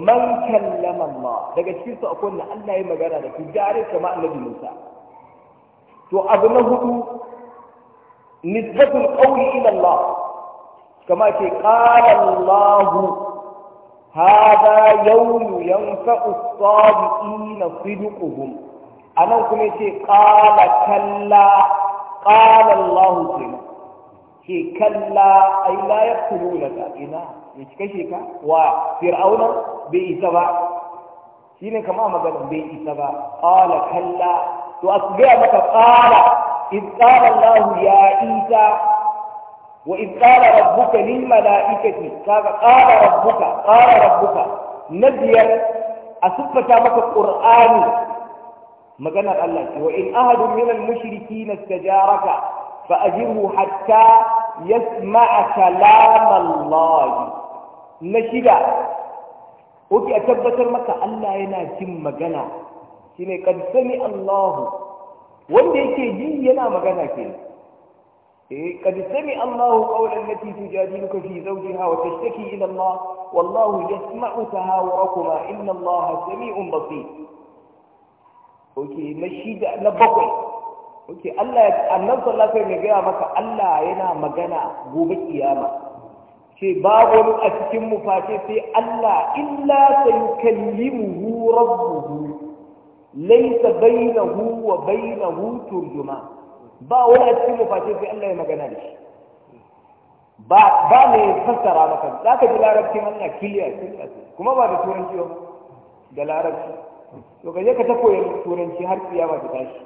man kallama Allah daga cikin su akwai Allah ya magana da su dare kamar Annabi Musa to abu na hudu nisbatul qawli ila Allah kama ce qala Allah hada yawm yanfa'u as sadiqina sidquhum anan kuma ce qala kalla qala Allah kenan ke kalla ai la laka ina ya cika shi ka wa fir'auna bai isa ba shine kama magana bai isa ba qala kalla to a gaya إذ قال الله يا عيسى وإذ قال ربك للملائكة قال ربك قال ربك نبيا أسفة مك القرآن مجنى الله وإن أحد من المشركين استجارك فأجره حتى يسمع كلام الله نشدا وكي أتبتر مك الله ينا جم مجنى shi ne ƙaddami allahu wanda yake ji yana magana ke eh ƙaddami allahu ƙaunar mafi tujadi nuka fi zauji hawa ta shaki ila wallahu ya sma'u ta hawa rakuma inna allah sami'un basi oke na na bakwai oke allah ya annan sallafai mai gaya maka allah yana magana gobe kiyama ce babu wani a cikin mu fashe sai allah illa sai kallimu rabbuhu laisa bainahu wa bainahu turjuma ba wani a cikin mufashe sai Allah ya magana da shi ba ba ne fassara maka za ka ji larabcin Allah kiliya kiliya kuma ba da turanci ba da larabci to ka je ka ta koyar turanci har tsiya ba ta tashi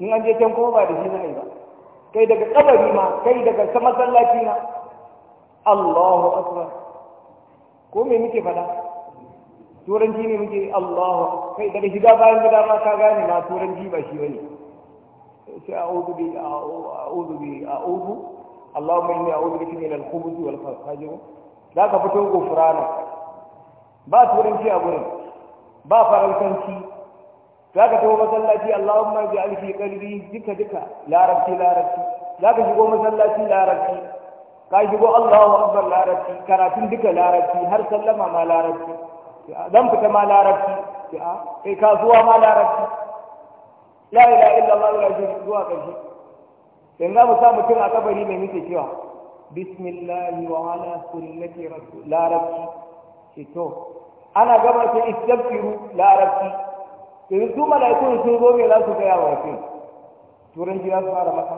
in an je can kuma ba da shi zai ba kai daga kabari ma kai daga sama sallaci na Allahu akbar ko me muke faɗa turanci ne muke Allahu kai daga shiga bayan gida ma ka gane ma turanci ba shi bane sai a a'udhu bi a'udhu bi a'udhu Allahumma inni a'udhu bika min al-khubuthi wal fajr zaka fito gufrana ba turanci a gurin ba faransanci zaka tawo masallaci Allahumma ij'al fi qalbi duka duka larabci larabci zaka shigo masallaci larabci ka shigo Allahu akbar larabci karatun duka larabci har sallama ma larabci zan fita ma larabci kai kasuwa ma larabci la ila illa Allah la jin zuwa ƙarshe dan ga mu sa mutum a kabari mai muke cewa bismillah wa ala sunnati rasul larabci ce to ana gaba ce istaghfiru larabci yanzu su mala'ikun sun zo mai za su gaya wa mutum turanci jira su fara maka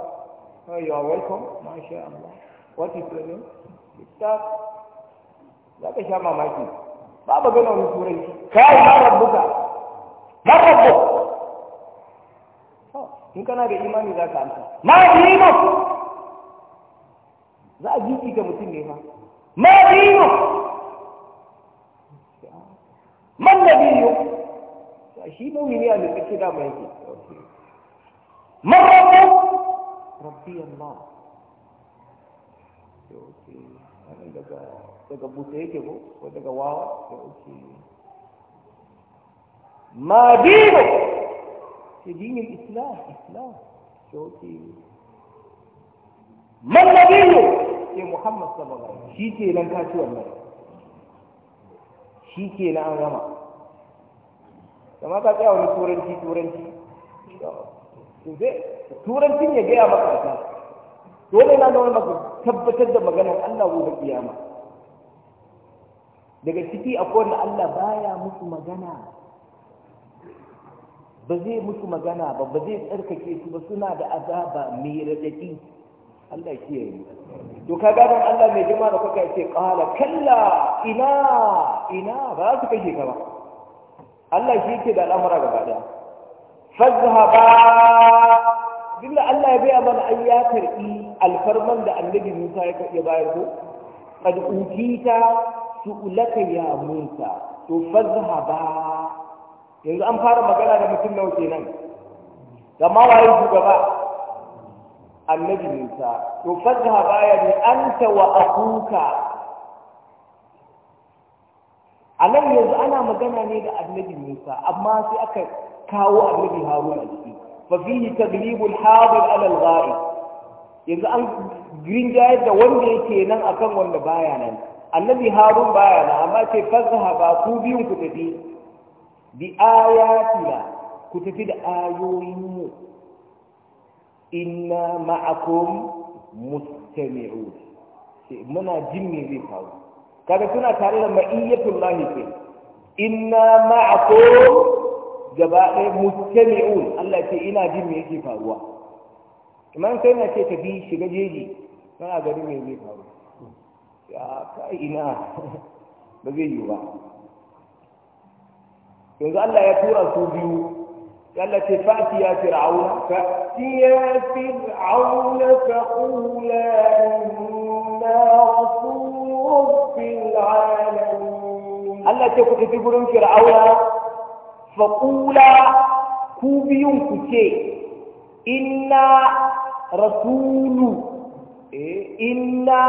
oh you are welcome masha Allah what is your name za ka sha mamaki ba ba gana wani turai kai ma rabbuka ma rabbu in kana da imani za ka amsa ma dino za a jiki ga mutum ne fa ma dino man nabiyu shi mawuni a da tsaki da mai yake man rabbi Allah wani daga daga buta yake ko ko daga wawa ko oke ma dino ke dinin islam islam ko oke man nabiyu ce muhammad sallallahu alaihi wasallam shi ke nan kaci wannan shi ke nan an gama kamar ka tsaya wani turanci turanci turanci sai ya gaya maka ta dole na ga wani tabbatar da maganar Allah gobe kiyama daga ciki akwai wanda Allah baya musu magana ba zai musu magana ba ba zai tsarkake su ba suna da azaba mai radadi Allah ya kiyaye to kaga dan Allah mai jima da kuka ce qala kalla ina ina ba su kashe ka ba Allah shi yake da al'amura gaba daya fazhaba duk da Allah ya gaya mana an ya karɓi alfarman da annabi Musa ya karɓi bayar ko qad utita su'laka ya Musa to fazhaba yanzu an fara magana da mutum nawa kenan gama waye shugaba annabi Musa to fazhaba ya bi anta wa akuka anan yanzu ana magana ne da annabi Musa amma sai aka kawo annabi Haruna a ciki fa fihi taglibul hadir ala al-ghaib yanzu an jayar da wanda yake nan akan wanda baya nan annabi harun baya nan amma ce fazhaba ku biyun ku tafi bi ayatina ku tafi da ayoyinmu inna ma'akum mustami'un muna jin me zai faru kaga suna tare da ma'iyyatullahi ke inna ma'akum gabaɗe mujtami'un Allah ce ina jin me yake faruwa kamar sai na ce tafi shiga jeji kana gari me zai faru ya kai ina ba zai yi ba yanzu Allah ya tura su biyu Allah ce fati ya قال فأتي يا فرعون فأتي يا فرعون فقولا إنا رسول رب العالمين الله تكتب فرعون faƙula ku biyun ku ce inna rasulu inna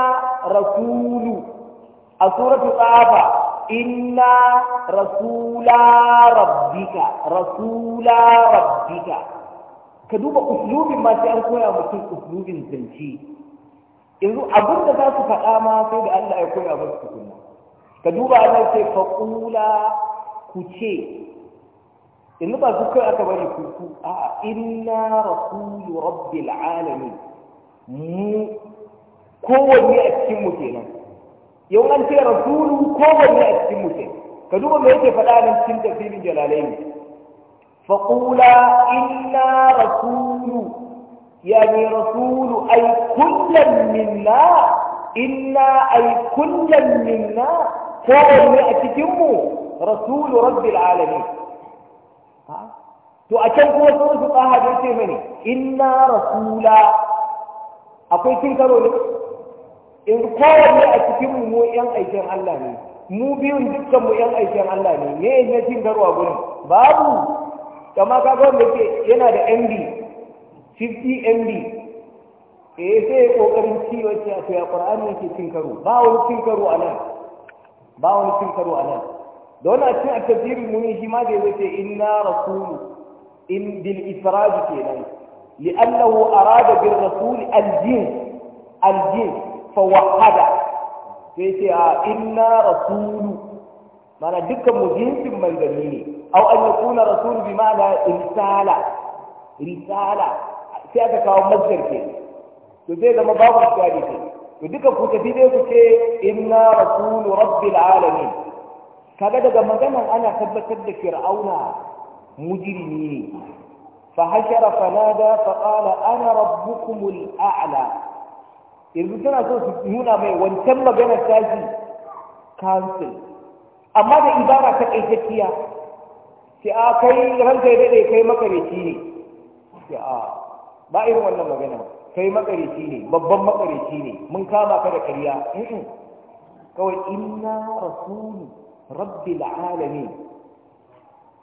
rasulu a suratu tsafa inna rasula rabbika rasula rabbika ka duba uslubin ma sai an koya mutum uslubin zance yanzu abin da za su faɗa ma sai da Allah ya koya musu tukunna ka duba ana ce faƙula ku ce yanzu ba su kai aka bari kuku a inna rasulu rabbil alamin mu kowanne a cikin mu kenan yau an ce rasulu kowanne a cikin mu kenan ka duba me yake faɗa nan cikin tafsirin jalalaini faqula inna rasulu yani rasulu ay kullan minna inna ay kullan minna kowanne a cikin mu rasulu rabbil alamin to a can kuma sun su ƙaha don ce mani ina rasula akwai cin karo ne in kowanne a cikin mu mu yan aikin Allah ne mu biyun dukkan mu yan aikin Allah ne me ne cin karo a gurin babu kama ka ga wanda ke yana da MD 50 MD eh sai ya kokarin ci wacce a to ya Qur'ani yake cin karo ba wani cin karo a nan ba wani cin karo a nan da wannan cikin at-tafsirul munin shi ma da yace inna rasulu in bil ifrad kenan li'annahu arada bil rasul al-jins al-jins fa wahada sai ce a inna rasulu mana dukkan mu jinsin manzanni ne aw an yakuna rasulu bi ma'ana risala risala sai aka kawo masdar ke to zai zama babu tsari ke to duka ku tafi dai ku ce inna rasulu rabbil alamin kaga daga maganan ana tabbatar da fir'auna mujrimi ne fa hashara fanada fa qala ana rabbukumul a'la yanzu tana so su nuna mai wancan maganar tashi council amma da ibara ta kaitacciya sai a kai ranka ya dade kai makareci ne Ki a ba irin wannan magana kai makareci ne babban makareci ne mun kama ka da ƙarya kawai inna rasulu rabbil alamin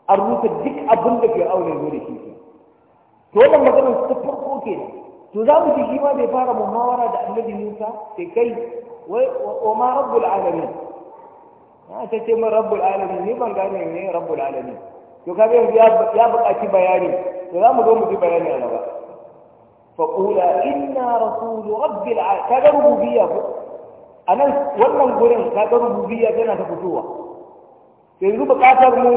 an rufe duk abin da fir'auna ya zo da shi to wannan maganar ta farko kenan to za mu ci shi ma bai fara muhawara da annabi Musa sai kai wai wa ma rabbul alamin na ta ce min rabbul alamin ni ban gane ne rabbul alamin to kaga yanzu ya buƙaci bayani to za mu zo mu ji bayani a gaba فقولا إنا رسول ko, a nan wannan gurin ولا نقولين كذا ربوبية ta تفتوها yanzu bukatar mu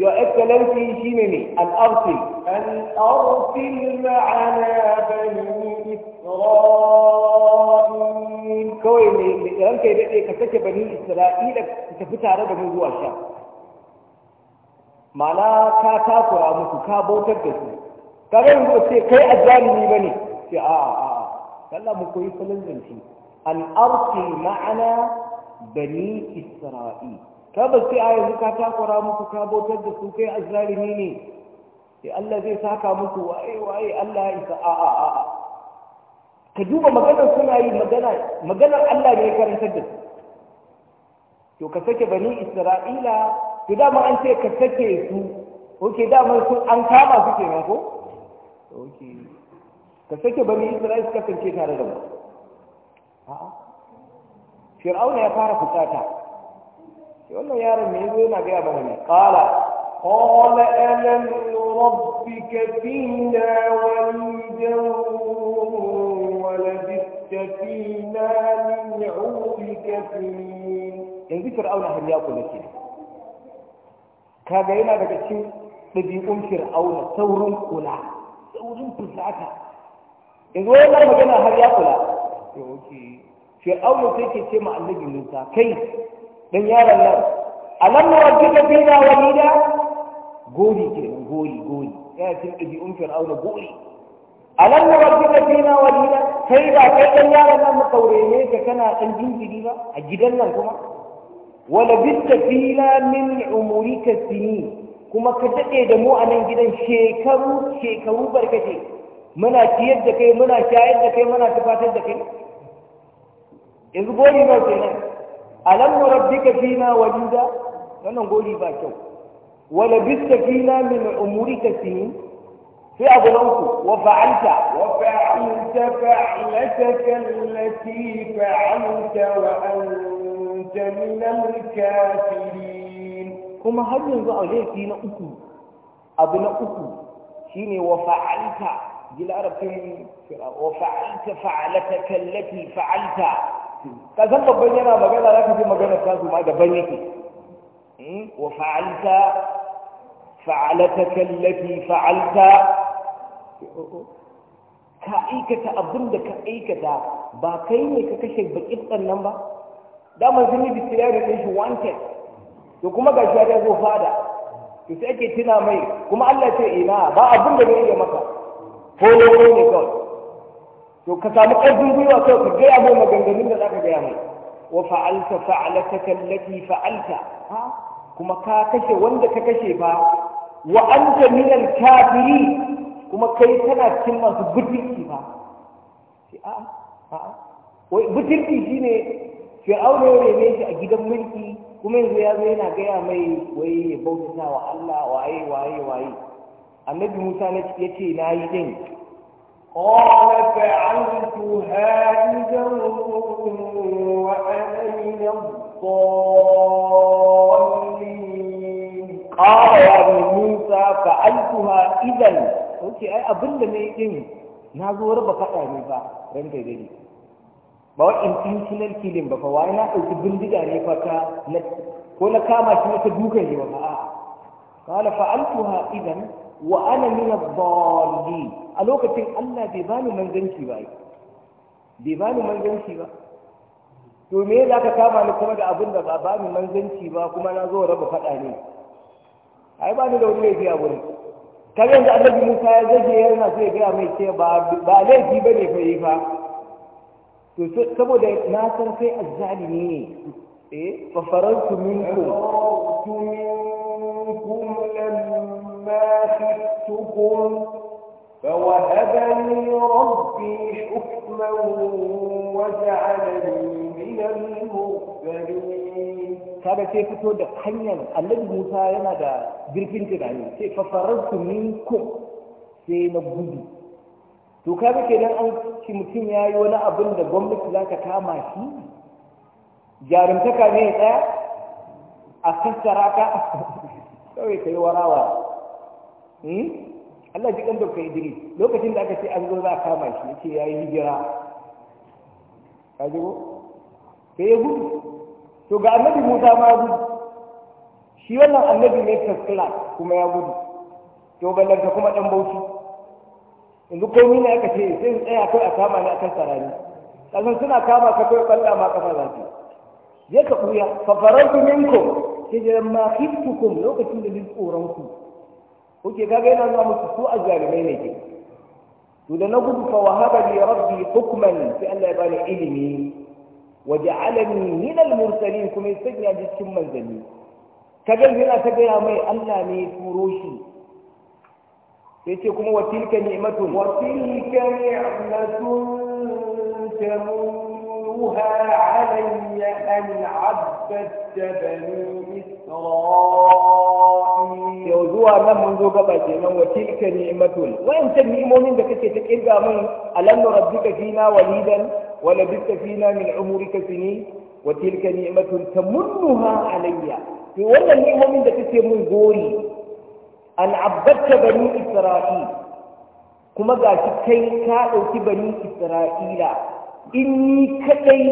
your excellency shine ne an arsil an arsil ma'ana bani isra'il kawai ne ranka ya daɗe ka sake bani isra'ila ka tafi tare da mu zuwa sha ma'ana ka takura musu ka bautar da su ka ga yanzu ce kai azzalimi ba ne ce a a a kalla mu koyi salon zance an arsil ma'ana bani isra'il tabbas sai a yanzu ka takura musu ka bautar da su kai azzalimi ne sai Allah zai saka muku waye waye Allah ya isa a a a ka duba maganar suna yi magana maganar Allah ne ya karantar da su to ka sake bani Isra'ila to dama an ce ka sake su oke dama sun an kama su kenan ko oke ka sake bani Isra'ila suka kasance tare da mu a'a Fir'auna ya fara fusata يقول له يا رب من وين اجيبها هنا قال قال الم ربك فينا وليدا ولبثت فينا من عمرك سنين ان ذكر اولى هل ياكل لك كذا هنا بدك تشوف بدي انكر اولى ثور كلا ثور كلا ان وين ما جينا هل ياكل في اول شيء تشوف مع النبي موسى كيف dan yaron nan alam rabbika fina walida gori ke gori gori ya cin ɗabi'un fir'auna gori alam rabbika fina walida kai ba kai dan yaron nan makaure ne ka kana dan jinjiri ba a gidan nan kuma wala bitta fina min umurika sini kuma ka daɗe da mu a nan gidan shekaru shekaru barkace muna ciyar da kai muna shayar da kai muna tufatar da kai yanzu gori ba kenan alam nurabbika fina walida wannan gori ba kyau wala bista fina min umurika sinin sai abu na uku wa fa'alta wa fa'alta fa'alataka allati fa'alta wa anta min al-kafirin kuma har yanzu a laifi na uku abu na uku shine wa fa'alta ji larabcin wa fa'alta fa'alataka allati fa'alta ka san babban yana magana za ka fi magana ta su ma daban yake hmm? wa fa'alta fa'alata kallafi fa'alta ka aikata abin da ka aikata ba kai ne ka kashe bakin nan ba dama sun yi bisiyari ɗin shi wanted to kuma ga shi ya zo fada to sai ake tuna mai kuma Allah ce ina ba abin da bai yi maka ko ne kawai to ka samu ƙarfin gwiwa kai ka gaya mai maganganun da za ka gaya mai wa fa'alta fa'alata kallati fa'alta kuma ka kashe wanda ka kashe fa wa anta al kafiri kuma kai kana cikin masu butulci ba. sai a a wai butulci shine aure ne ne shi a gidan mulki kuma yanzu ya zo yana gaya mai wai ya bautata wa Allah waye waye waye annabi Musa ne ce na yi din قال فعلتها إذا وأنا من الضالين قال يا ابن موسى فعلتها إذا قلت أي أبن لم يقم نازو ربا فقعني با رمت يدري ba wa intentional killing ba fa wai na ɗauki bindiga ne fa ta ko na kama shi na ta dukan shi ba fa a'a qala fa'altuha idan wa ana min ad a lokacin Allah bai bani manzanci ba bai bani manzanci ba to me za ka kama ni kuma da abin da ba bani manzanci ba kuma na zo raba faɗa ne ai ba ni da wani laifi a gurin kar yanzu annabi Musa ya zage yana sai ga mai ce ba ba ne bane fa yi fa to saboda na san kai azzalimi ne eh fa farantu minkum minkum lam ما خفتكم فوهب لي ربي حكما وجعلني من المرسلين kada sai fito da hanyar annabi Musa yana da girfin tunani sai min ku sai na gudu to ke kenan an ci mutum ya yi wani abin da gwamnati za ta kama shi jarumtaka ne ya tsaya a kassara ka kawai ka warawa Hmm? Allah ji kan dokar idiri lokacin da aka ce an zo za a kama shi yace yayi hijira ka ji ko sai ya gudu to ga annabi Musa ma gudu shi wannan annabi ne taskila kuma ya gudu to ballanta kuma dan bauchi yanzu komai ne aka ce sai in tsaya kai a kama ni akan sarari kasan suna kama ka kai balla ma kafa za ki je ka kuya fa farantu minkum jiran ma khiftukum lokacin da ni tsoron ku kuke kaga yana nuna musu su azzalimai ne ke to da na gudu fa wahaba li rabbi hukman sai Allah ya bani ilimi Waje ja'alani min al-mursalin kuma ya sanya cikin manzanni kaga yana ta gaya mai Allah ne turo shi ce kuma wa tilka ni'matun wa tilka ni'matun tamun ردوها علي أن عبدت بني إسرائيل يوزوها من منذ قبل وتلك نعمة وإن تبني مؤمن بكتة تكيرها من ألم نربك فينا وليدا ولبثت فينا من عمرك سنين وتلك نعمة تمنها علي في ولا نعمة من ذلك من غوري أن عبدت بني إسرائيل كما قالت كي كانوا بني إسرائيل in ni kaɗai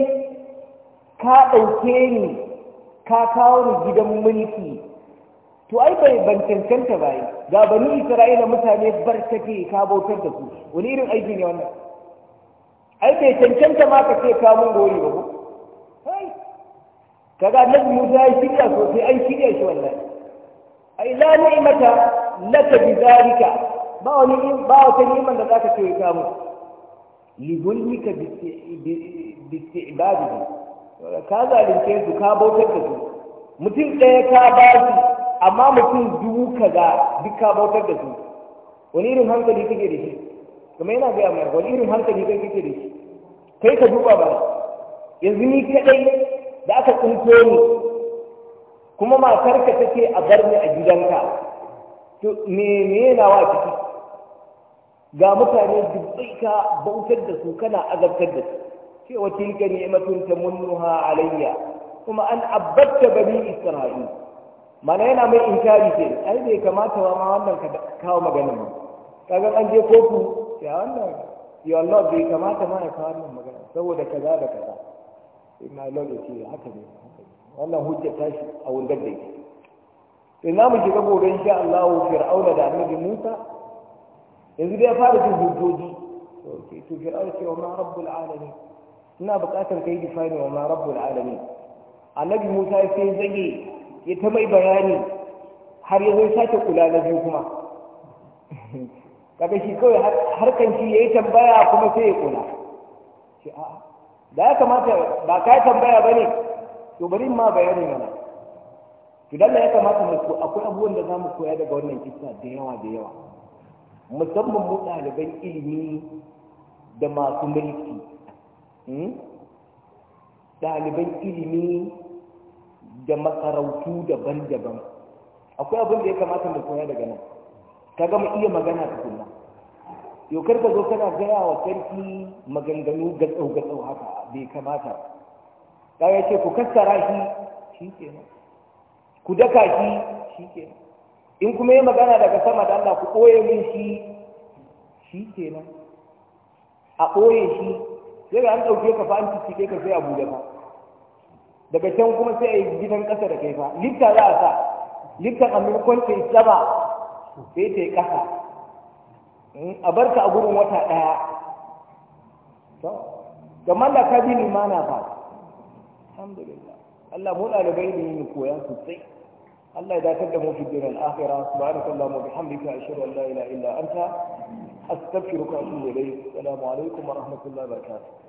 ka ɗauke ni ka kawo ni gidan mulki to ai bai ban cancanta ba ga bani isra'ila mutane bar take ka bautar da su wani irin aiki ne wannan ai bai cancanta ma ka ce ka mun gori ba ko kaga annabi Musa ya shirya sosai an shirya shi wallahi ai la ni'mata laka bi zalika ba wani ba wata ni'man da zaka ce ka mun liwulmika bisti'ibadi ka zalunce su ka bautar da su mutum ɗaya ka ba su amma mutum dubu kaza duk ka bautar da su wani irin hankali kai kake da shi kai ka duba ba yanzu ni kaɗai da aka tsinto ni kuma matarka take a bar ni a gidanka to me yana wa ciki ga mutane dubbai ka bautar da su kana azabtar da su cewa tilka ni'matun tamunnuha alayya kuma an abbatta bani isra'il mana yana mai inkari ce ai bai kamata ma ma wannan ka kawo maganar mu kaga an je kotu ya wannan ya Allah bai kamata ma ya kawo wannan magana saboda kaza da kaza inna lillahi ce haka ne wannan hujja ta shi a wundar da ita sai namu shiga gobe insha Allah fir'auna da annabi Musa yanzu da ya fara jin hujjoji to to fi ce wa ma rabbul alamin ina buƙatar kai difani wa ma rabbul alamin annabi Musa ya sai zage ya ta mai bayani har ya zai sake kula na biyu kuma kaga shi kawai harkan shi yayi tambaya kuma sai ya kula ce da ya kamata ba ka tambaya bane to bari ma bayani mana to dan ya kamata mu akwai abubuwan da zamu koya daga wannan kissa da yawa da yawa musamman mu ɗaliban ilimi da masu mulki hmm? ɗaliban ilimi da masarautu daban-daban akwai abin da ya kamata mu koya daga nan ka gama iya magana ta kuma yaukar ka zo kana gaya wa sarki maganganu ga gatsau haka bai kamata ta ya ce ku kassara shi shi ke ku daka shi shi nan. in kuma yi magana daga sama da Allah ku ɓoye min shi shi nan, a ɓoye shi sai ga an ɗauke ka fa an ciccike ka sai a buɗe fa daga can kuma sai a yi gidan ƙasa da kai fa lifta za a sa liftan a maimakon ta yi sama sai ta yi ƙasa hmm, a bar ka a gurin wata ɗaya da ka bi ni mana ba, alhamdulillah Allah mu ɗalibai ne koyan sosai Allah ya dakatar da mu fi dunin akhira subhanaka allahumma wa bihamdika ashhadu an la ilaha illa anta astaghfiruka wa atubu ilayk assalamu alaikum wa rahmatullahi wa barakatuh